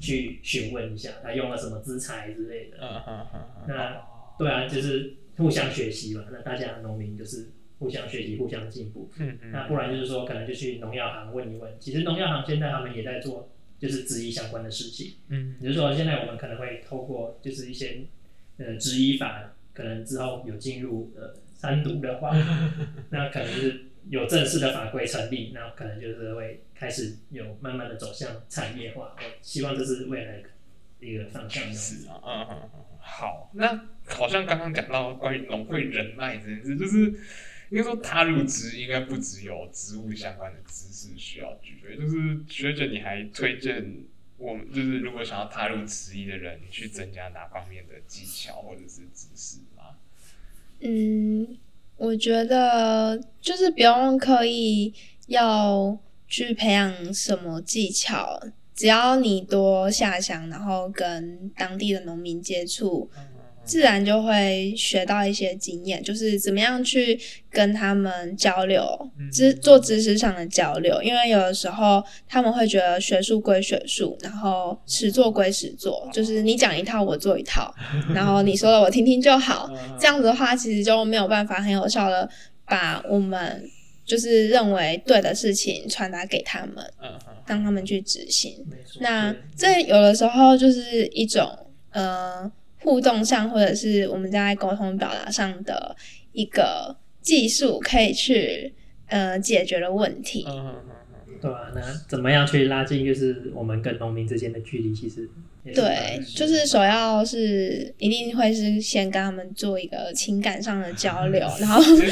去詢問一下他用了什麼資材之類的。嗯嗯嗯嗯、那、嗯、對啊，就是。互相學習吧，那大家農民就是互相學習、互相進步。嗯，嗯，那不然就是說，可能就去農藥行問一問。其實農藥行現在他們也在做，就是植醫相關的事情。嗯，也就是說，現在我們可能會透過就是一些呃植醫法，可能之後有進入呃三讀的話，嗯、那可能就是有正式的法規成立， 那可能就是會開始有慢慢的走向產業化。我希望這是未來一個方向。是啊，嗯,嗯好，那好像剛剛講到關於農會人脈這件事，就是應該說踏入職，應該不只有植物相關的知識需要具備，就是學姐，你還推薦我們，就是如果想要踏入職一的人，去增加哪方面的技巧或者是知識嗎？嗯，我覺得就是不用刻意要去培養什麼技巧。只要你多下鄉，然後跟當地的農民接觸，自然就會學到一些經驗，就是怎麼樣去跟他們交流，知做知識上的交流。因為有的時候他們會覺得學術歸學術，然後實作歸實作，就是你講一套，我做一套，然後你說了我聽聽就好。 這樣子的話，其實就沒有辦法很有效的把我們。就是認為對的事情傳達給他們，讓他們去執行。啊、好好，那這對有的時候就是一種呃互動上，或者是我們在溝通表達上的一個技術，可以去呃解決的問題。對啊，那怎麼樣去拉近就是我們跟農民之間的距離？其實。對，就是首要是一定會是先跟他們做一個情感上的交流， 然後去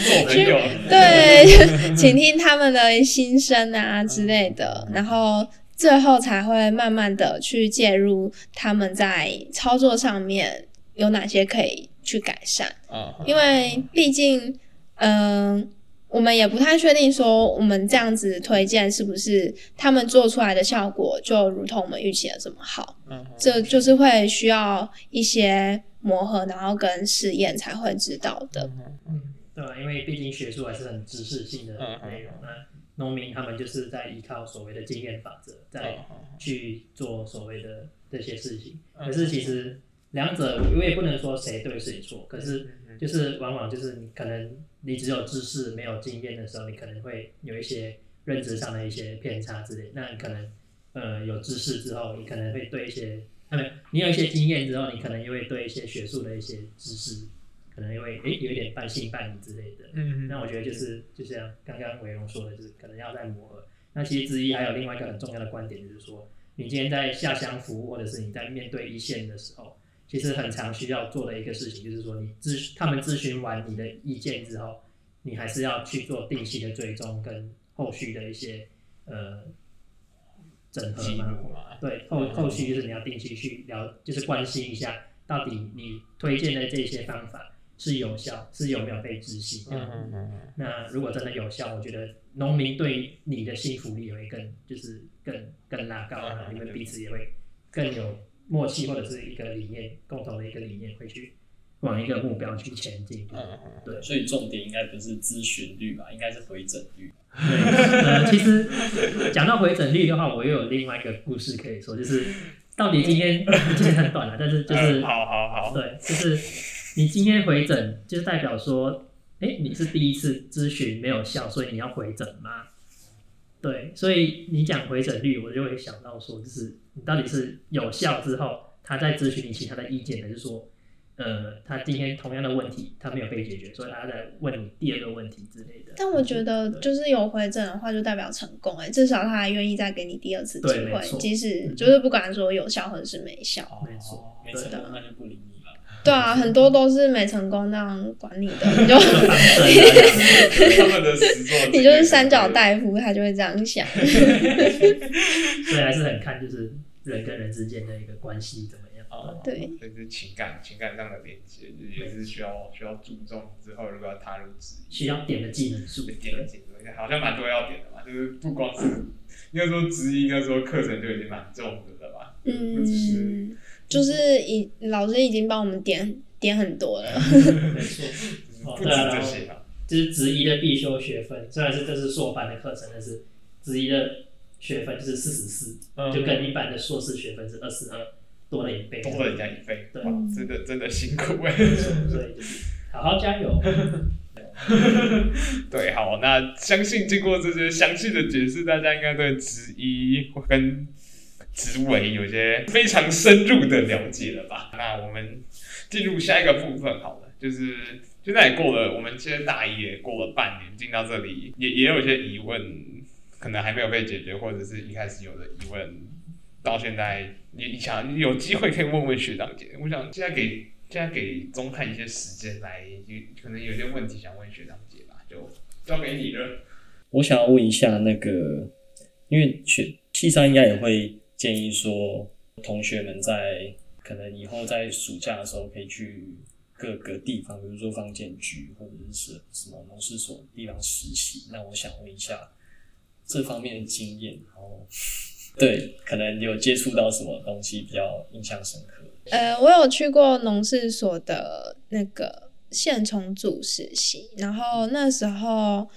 對傾 聽他們的心聲啊之類的，然後最後才會慢慢的去介入他們在操作上面有哪些，可以去改善，uh huh. 因為畢竟嗯。呃我們也不太確定，說我們這樣子推薦是不是他們做出來的效果就如同我們預期的這麼好。這就是會需要一些磨合，然後跟試驗才會知道的。嗯，對啊，因為畢竟學術還是很知識性的內容，那農民他們就是在依靠所謂的經驗法則在去做所謂的這些事情。可是其實兩者我也不能說誰對誰錯，可是就是往往就是你可能。你只有知識沒有經驗的時候，你可能會有一些認知上的一些偏差之類。那你可能，呃，有知識之後，你可能會對一些，嗯、你有一些經驗之後，你可能就會對一些學術的一些知識，可能也會，哎，有一點半信半疑之類的。嗯嗯哼。那我覺得就是，就像剛剛偉龍說的，就是可能要再磨合。那其實之一還有另外一個很重要的觀點，就是說，你今天在下鄉服務，或者是你在面對一線的時候。其實很常需要做的一個事情，就是說，你諮他們諮詢完你的意見之後，你還是要去做定期的追蹤跟後續的一些呃整合嘛。對，後後續就是你要定期去聊，就是關心一下到底你推薦的這些方法是有效，是有沒有被執行，嗯。嗯嗯嗯。嗯，那如果真的有效，我覺得農民對於你的幸福力也會更，就是更更拉高了。啊，你們、嗯嗯嗯、彼此也會更有。默契或者是一個理念，共同的一個理念，會去往一個目標去前進。嗯嗯對，所以重點應該不是諮詢率吧，應該是回診率。對， 呃，其實講到回診率的話，我又有另外一個故事可以說，就是到底今天時間 很短了，但是就是、嗯、好好好，對，就是你今天回診，就代表說，哎、欸，你是第一次諮詢沒有效，所以你要回診嗎？對，所以你講回診率，我就會想到說，就是你到底是有效之後，他再諮詢你其他的意見，還是說，呃，他今天同樣的問題他沒有被解決，所以他還在問你第二個問題之類的。但我覺得，就是有回診的話，就代表成功、欸，哎對，至少他還願意再給你第二次機會，即使就是不管說有效或者是沒效。嗯、哼沒錯，沒錯對，那對就不理。對啊，很多都是沒成功那樣管理的，你就他們的始作，你就是三角大夫，他就會這樣想。所以 還是很看就是人跟人之間的一個關係怎麼樣。Oh, 對，就是情感情感上的連接，就也是需要需要注重。之後如果要踏入職業，需要點的技能數，點的技能好像蠻多要點的嘛。就是不光是應該 說職業，應該說課程就已經蠻重的了吧？嗯。就是已老師已經幫我們點點很多了， 沒錯，不止。這些吧，就是植醫的必修學分，雖然是這是碩班的課程，但是植醫的學分就是四十四，就跟一般的碩士學分是二十二，多了一倍，功課也加一倍，一一對，真的真的辛苦 所以，就是，好好加油， 對， 對，好，那相信經過這些詳細的解釋，大家應該對植醫很。職位有些非常深入的了解了吧？那我們進入下一個部分好了。就是現在也過了，我們現在大一也過了半年，進到這裡也也有些疑問，可能還沒有被解決，或者是一開始有的疑問，到現在你你想你有機會可以問問學長姐。我想現在給現在給鐘漢一些時間來，可能有些問題想問學長姐吧，就交給你了。我想要問一下那個，因為學七三應該也會，建議說，同學們在可能以後在暑假的時候可以去各個地方，比如說防檢局或者是什麼農試所地方實習。那我想問一下，這方面的經驗，然後對可能有接觸到什麼東西比較印象深刻？呃，我有去過農試所的那個線蟲組實習，然後那時候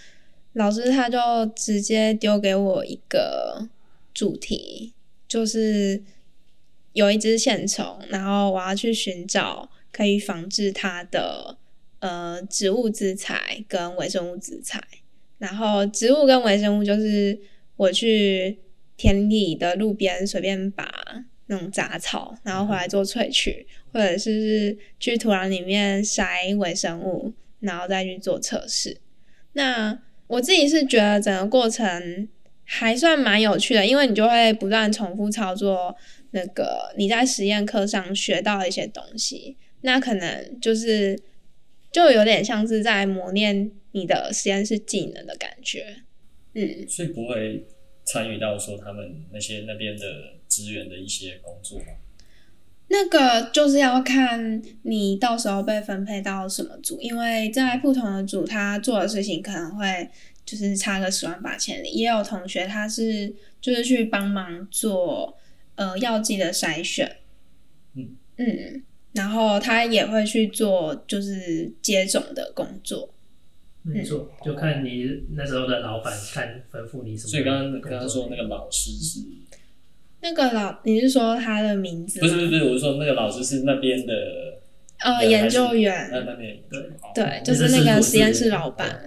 老師他就直接丟給我一個主題。就是有一只線蟲，然後我要去尋找可以防治它的呃植物資材跟微生物資材，然後植物跟微生物就是我去田裡的路邊隨便拔那種雜草，然後回來做萃取，嗯、或者是去土壤裡面篩微生物，然後再去做測試。那我自己是覺得整個過程。還算蠻有趣的，因為你就會不斷重複操作那個你在實驗課上學到的一些東西，那可能就是就有點像是在磨練你的實驗室技能的感覺。嗯，所以不會參與到說他們那些那邊的資源的一些工作嗎？那個就是要看你到時候被分配到什麼組，因為在不同的組，他做的事情可能會。就是差個十萬八千里，也有同學他是就是去幫忙做呃藥劑的篩選，嗯、然後他也會去做就是接種的工作，沒錯，就看你那時候的老板看吩咐你什麼，所以剛剛剛剛說那個老師是那個老，你是說他的名字？不是不是不是，我是說那個老師是那邊的呃研究員，那邊對就是那個實驗室老板，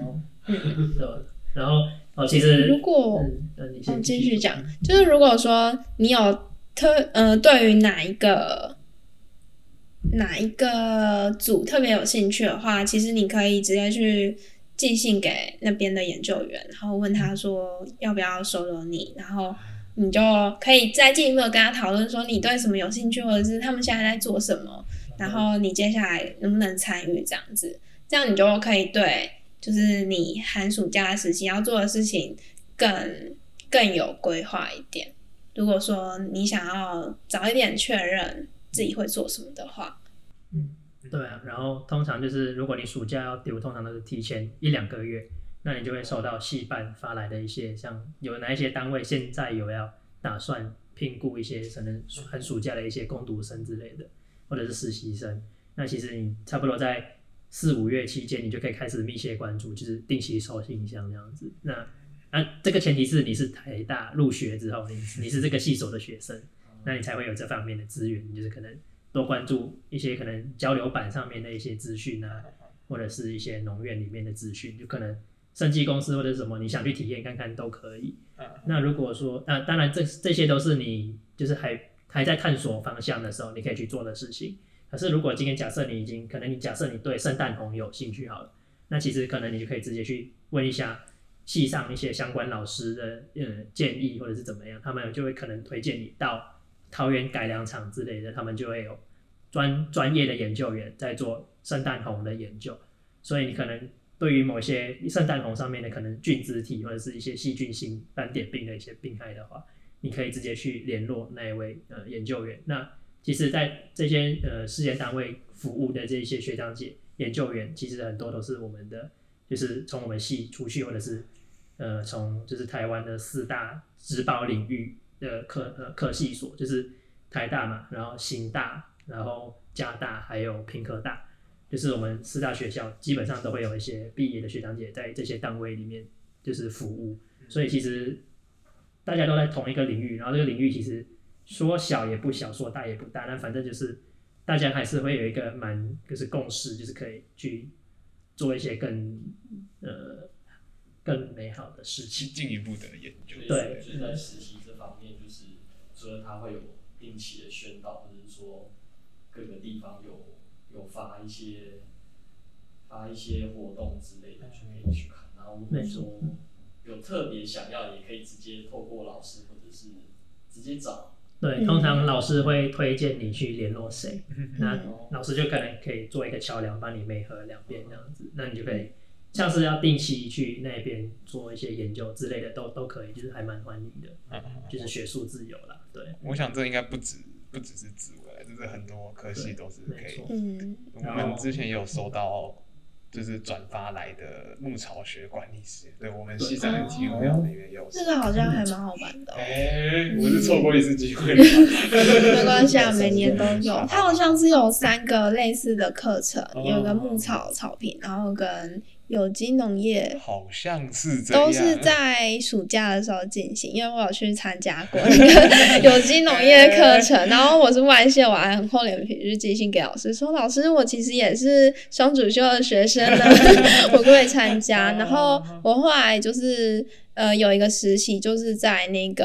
然後，哦，其實，如果，嗯，嗯你先繼、哦，繼續講，就是如果說你有特，呃，對於哪一個，哪一個組特別有興趣的話，其實你可以直接去寄信給那邊的研究員，然後問他說要不要收留你，然後你就可以再進一步跟他討論說你對什麼有興趣，或者是他們現在在做什麼，然後你接下來能不能參與這樣子，這樣你就可以對。就是你寒暑假的時期要做的事情更更有規劃一點。如果說你想要早一點確認自己會做什麼的話，嗯，對啊。然後通常就是如果你暑假要丟，通常都是提前一兩個月，那你就會收到系辦發來的一些，像有哪一些單位現在有要打算聘僱一些可能寒暑假的一些工讀生之類的，或者是實習生。那其實你差不多在。四五月期間，你就可以開始密切關注，就是定期收信箱這樣子。那那、啊、這個前提是你是台大入學之後，你你是這個系所的學生，那你才會有這方面的資源，你就是可能多關注一些可能交流板上面的一些資訊啊，或者是一些農院裡面的資訊，就可能生技公司或者是什麼你想去體驗看看都可以。那如果說那、啊、當然這這些都是你就是還還在探索方向的時候，你可以去做的事情。可是，如果今天假設你已經可能你假設你對聖誕紅有興趣好了，那其實可能你就可以直接去問一下系上一些相關老師的呃、嗯、建議或者是怎麼樣，他們就會可能推薦你到桃園改良場之類的，他們就會有專專業的研究員在做聖誕紅的研究，所以你可能對於某些聖誕紅上面的可能菌質體或者是一些細菌性斑點病的一些病害的話，你可以直接去聯絡那一位呃研究員那。其實，在這些呃事業單位服務的這些學長姐、研究員，其實很多都是我們的，就是從我們系出去，或者是呃從就是台灣的四大植保領域的科呃科系所，就是台大嘛，然後興大，然後嘉大，還有屏科大，就是我們四大學校基本上都會有一些畢業的學長姐在這些單位裡面就是服務，所以其實大家都在同一個領域，然後這個領域其實。說小也不小，說大也不大，但反正就是大家還是會有一個蠻就是共識，就是可以去做一些更呃更美好的事情，進一步的研究。對，對，是，所以在實習這方面，就是除了他會有定期的宣導，或者是說各個地方有有發一些發一些活動之類的，就可以去看。然後如果說有特別想要，也可以直接透過老師，或者是直接找，對，通常老師會推薦你去聯絡誰，嗯、那老師就可能可以做一個橋梁，幫你媒合兩邊這樣子，嗯、那你就可以像是要定期去那邊做一些研究之類的，都都可以，就是還蠻歡迎的，嗯、就是學術自由啦。我對，我想這應該不止，不只是植微，就是很多科系都是可以。對我們之前也有收到後。嗯就是轉發來的牧草學管理師，對我們系上很重要的一個。Oh. 這個好像還蠻好玩的、喔，哎、 欸，我是錯過一次機會， 沒關係啊，每年都有。 它好像是有三個類似的課程， 有一個牧草草坪，然後跟。有機農業好像是都是在暑假的時候進行，因為我有去參加過 有機農業課程， 然後我是外謝我還很厚臉皮，就是寄信給老師說：“老師，我其實也是雙主修的學生呢， 我不會參加。” 然後我後來就是呃有一個實習，就是在那個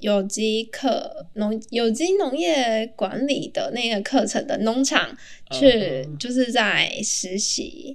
有機課農有機農業管理的那個課程的農場 去，就是在實習。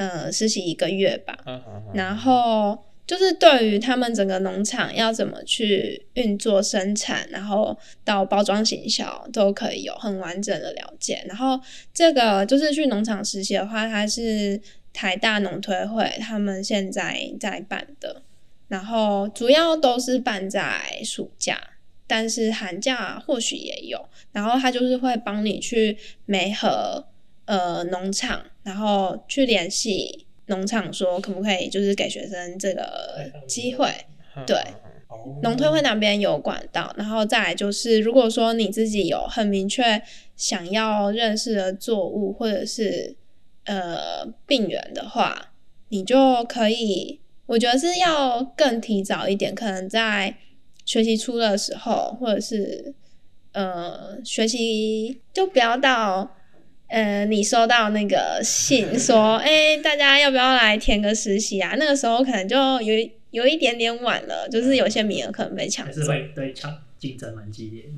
呃，實習一個月吧，啊啊啊、然後就是對於他們整個農場要怎麼去運作生產，然後到包裝行銷都可以有很完整的了解。然後這個就是去農場實習的話，它是台大農推會他們現在在辦的，然後主要都是辦在暑假，但是寒假或許也有。然後他就是會幫你去媒合呃農場。然後去聯繫農場，說可不可以就是給學生這個機會。對，農推會那邊有管道。然後再來就是，如果說你自己有很明確想要認識的作物或者是呃病原的話，你就可以。我覺得是要更提早一點，可能在學期初的時候，或者是呃學期就不要到。呃、嗯，你收到那個信說，哎、欸，大家要不要來填個實習啊？ 那個時候可能就有有一點點晚了，嗯、就是有些名額可能被搶。還是會，對，搶，競爭蠻激烈的。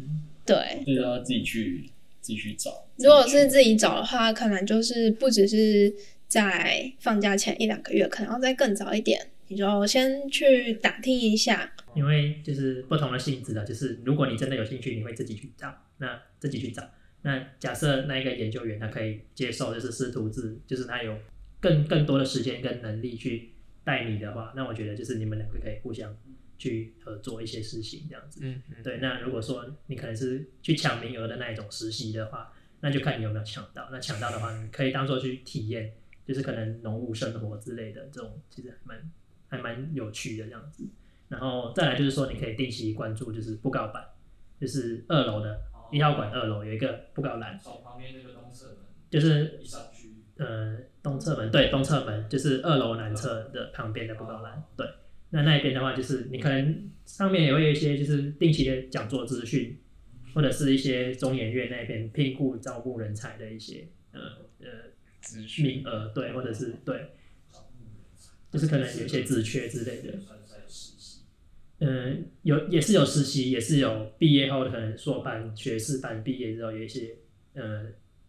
對。就要自己去，自己去找。去如果是自己找的話，可能就是不只是在放假前一兩個月，可能要再更早一點，你就先去打聽一下。因為就是不同的性質的，就是如果你真的有興趣，你會自己去找，那自己去找。那假設那一個研究員他可以接受，就是師徒制，就是他有更更多的時間跟能力去帶你的話，那我覺得就是你們兩個可以互相去合作一些事情這樣子。嗯嗯、對。那如果說你可能是去搶名額的那一種實習的話，那就看你有沒有搶到。那搶到的話，你可以當做去體驗，就是可能農務生活之類的這種，其實還蠻還蠻有趣的這樣子。然後再來就是說，你可以定期關注就是布告板，就是二樓的。一號館二樓有一個布告欄，從旁邊那個東側門就是呃，東側門對，東側門就是二樓南側的旁邊的布告欄。對，那那一邊的話，就是你可能上面也會有一些，就是定期的講座資訊，或者是一些中研院那邊聘僱招募人才的一些呃呃名額，對，或者是對，就是可能有一些職缺之類的。嗯、呃，有也是有實習，也是有畢業後的可能碩班、學士班畢業之後有一些，呃，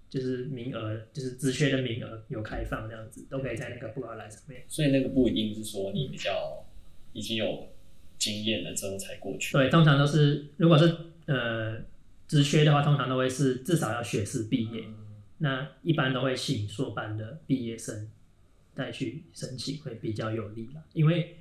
就是名額，就是職缺的名額有開放這樣子，都可以在那個布告欄上面。所以那個不一定是說你比較已經有經驗了之後才過去，嗯。對，通常都是如果是呃職缺的話，通常都會是至少要學士畢業，嗯、那一般都會吸引碩班的畢業生再去申請會比較有利啦，因為。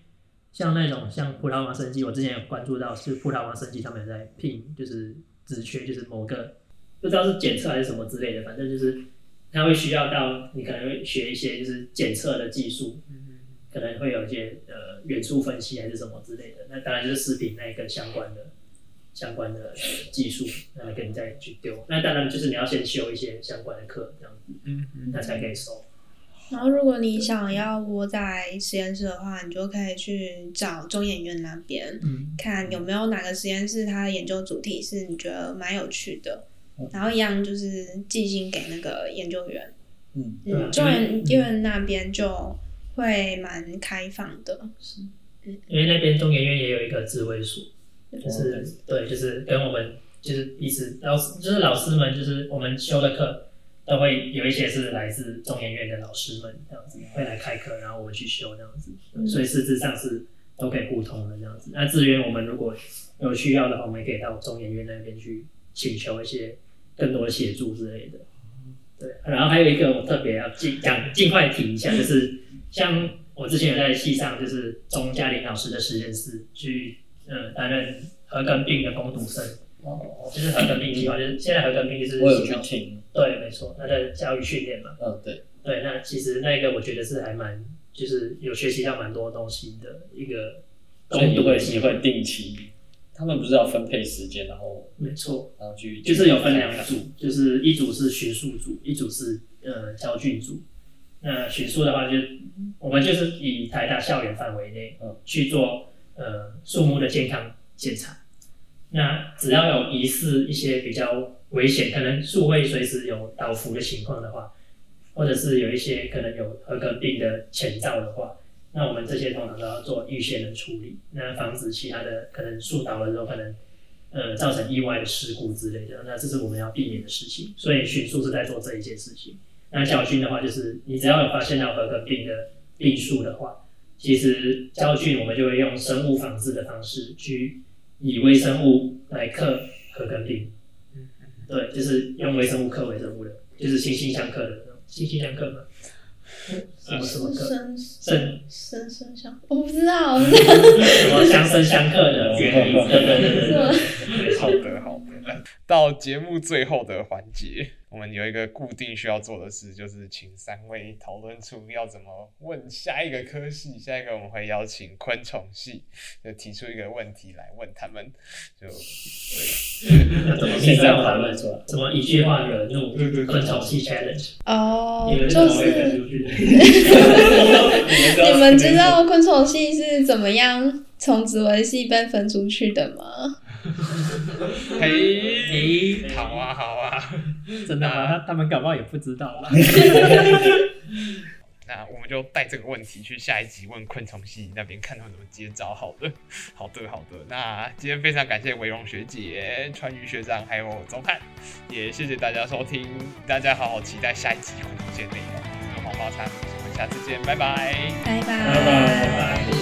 像那種像葡萄王生技，我之前有關注到，是葡萄王生技他們在聘，就是職缺就是某個不知道是檢測還是什麼之類的，反正就是他會需要到你可能會學一些就是檢測的技術，可能會有一些呃元素分析還是什麼之類的，那當然就是食品那一個相關的相關的技術，來、那、跟、個、你再去丟，那當然就是你要先修一些相關的課這樣子，嗯，那才可以收。然後，如果你想要窩在實驗室的話，你就可以去找中研院那邊，嗯、看有沒有哪個實驗室，他的研究主題是你覺得蠻有趣的。嗯、然後一樣就是寄信給那個研究員。嗯，嗯為中研院那邊就會蠻開放的。是，因為那邊中研院也有一個植微所，嗯、就是、嗯、對，就是跟我們就是彼此、就是、老就是老師們就是我們修的課。嗯都會有一些是來自中研院的老師們這樣子會來開課，然後我們去修這樣子，所以事實上是都可以互通的這樣子。那資源我們如果有需要的話，我們也可以到中研院那邊去請求一些更多的協助之類的。對，然後還有一個我特別要講儘快提一下，就是像我之前有在系上就是鍾嘉玲老師的實驗室去呃擔、嗯、任褐根病的工讀生。哦，就是合格命的話、嗯，就是現在合格命，就是我有對，沒錯，他在教育訓練嘛。嗯，對。對，那其實那個我覺得是還蠻，就是有學習到蠻多東西的一個。所以會，你會定期，嗯、他們不是要分配時間，然後沒錯錯，然後就是有分兩組，數就是一組是學術組，一組是呃小俊組。那學術的話就，就我們就是以台大校園範圍內，嗯，去做呃樹木的健康檢查。那只要有疑似一些比較危險，可能樹會隨時有倒伏的情況的話，或者是有一些可能有褐根病的前兆的話，那我們這些通常都要做預先的處理，那防止其他的可能樹倒了之後，可能呃造成意外的事故之類的，那這是我們要避免的事情。所以巡樹是在做這一件事情，那澆菌的話，就是你只要有發現到褐根病的病樹的話，其實澆菌我們就會用生物防治的方式去。以微生物來克褐根病。對，就是用微生物克微生物的，就是相生相克的，相生相剋嘛？嗯、什麼，什麼生生生生相我不知道。 什麼相生相克的原理？ 對對對，好的。到節目最後的環節，我們有一個固定需要做的事，就是請三位討論出要怎麼問下一個科系。下一個我們會邀請昆蟲系，就提出一個問題來問他們，就怎在讓反們做？什麼一句話怒蟲、oh, 的那昆蟲系 challenge 哦？就是你們知道昆蟲系是怎麼樣從指尾系被分出去的嗎？嘿，好啊，好啊，真的嗎？那他，他們感冒也不知道了。 那我們就帶這個問題去下一集問昆蟲系那邊，看他們怎麼接招。好的，好的，好的。那今天非常感謝維榮學姐、川渝學長，還有周漢也謝謝大家收聽。大家好好期待下一集昆蟲系內容。黃 毛燦，我們下次見，拜拜，拜拜，拜拜。拜拜。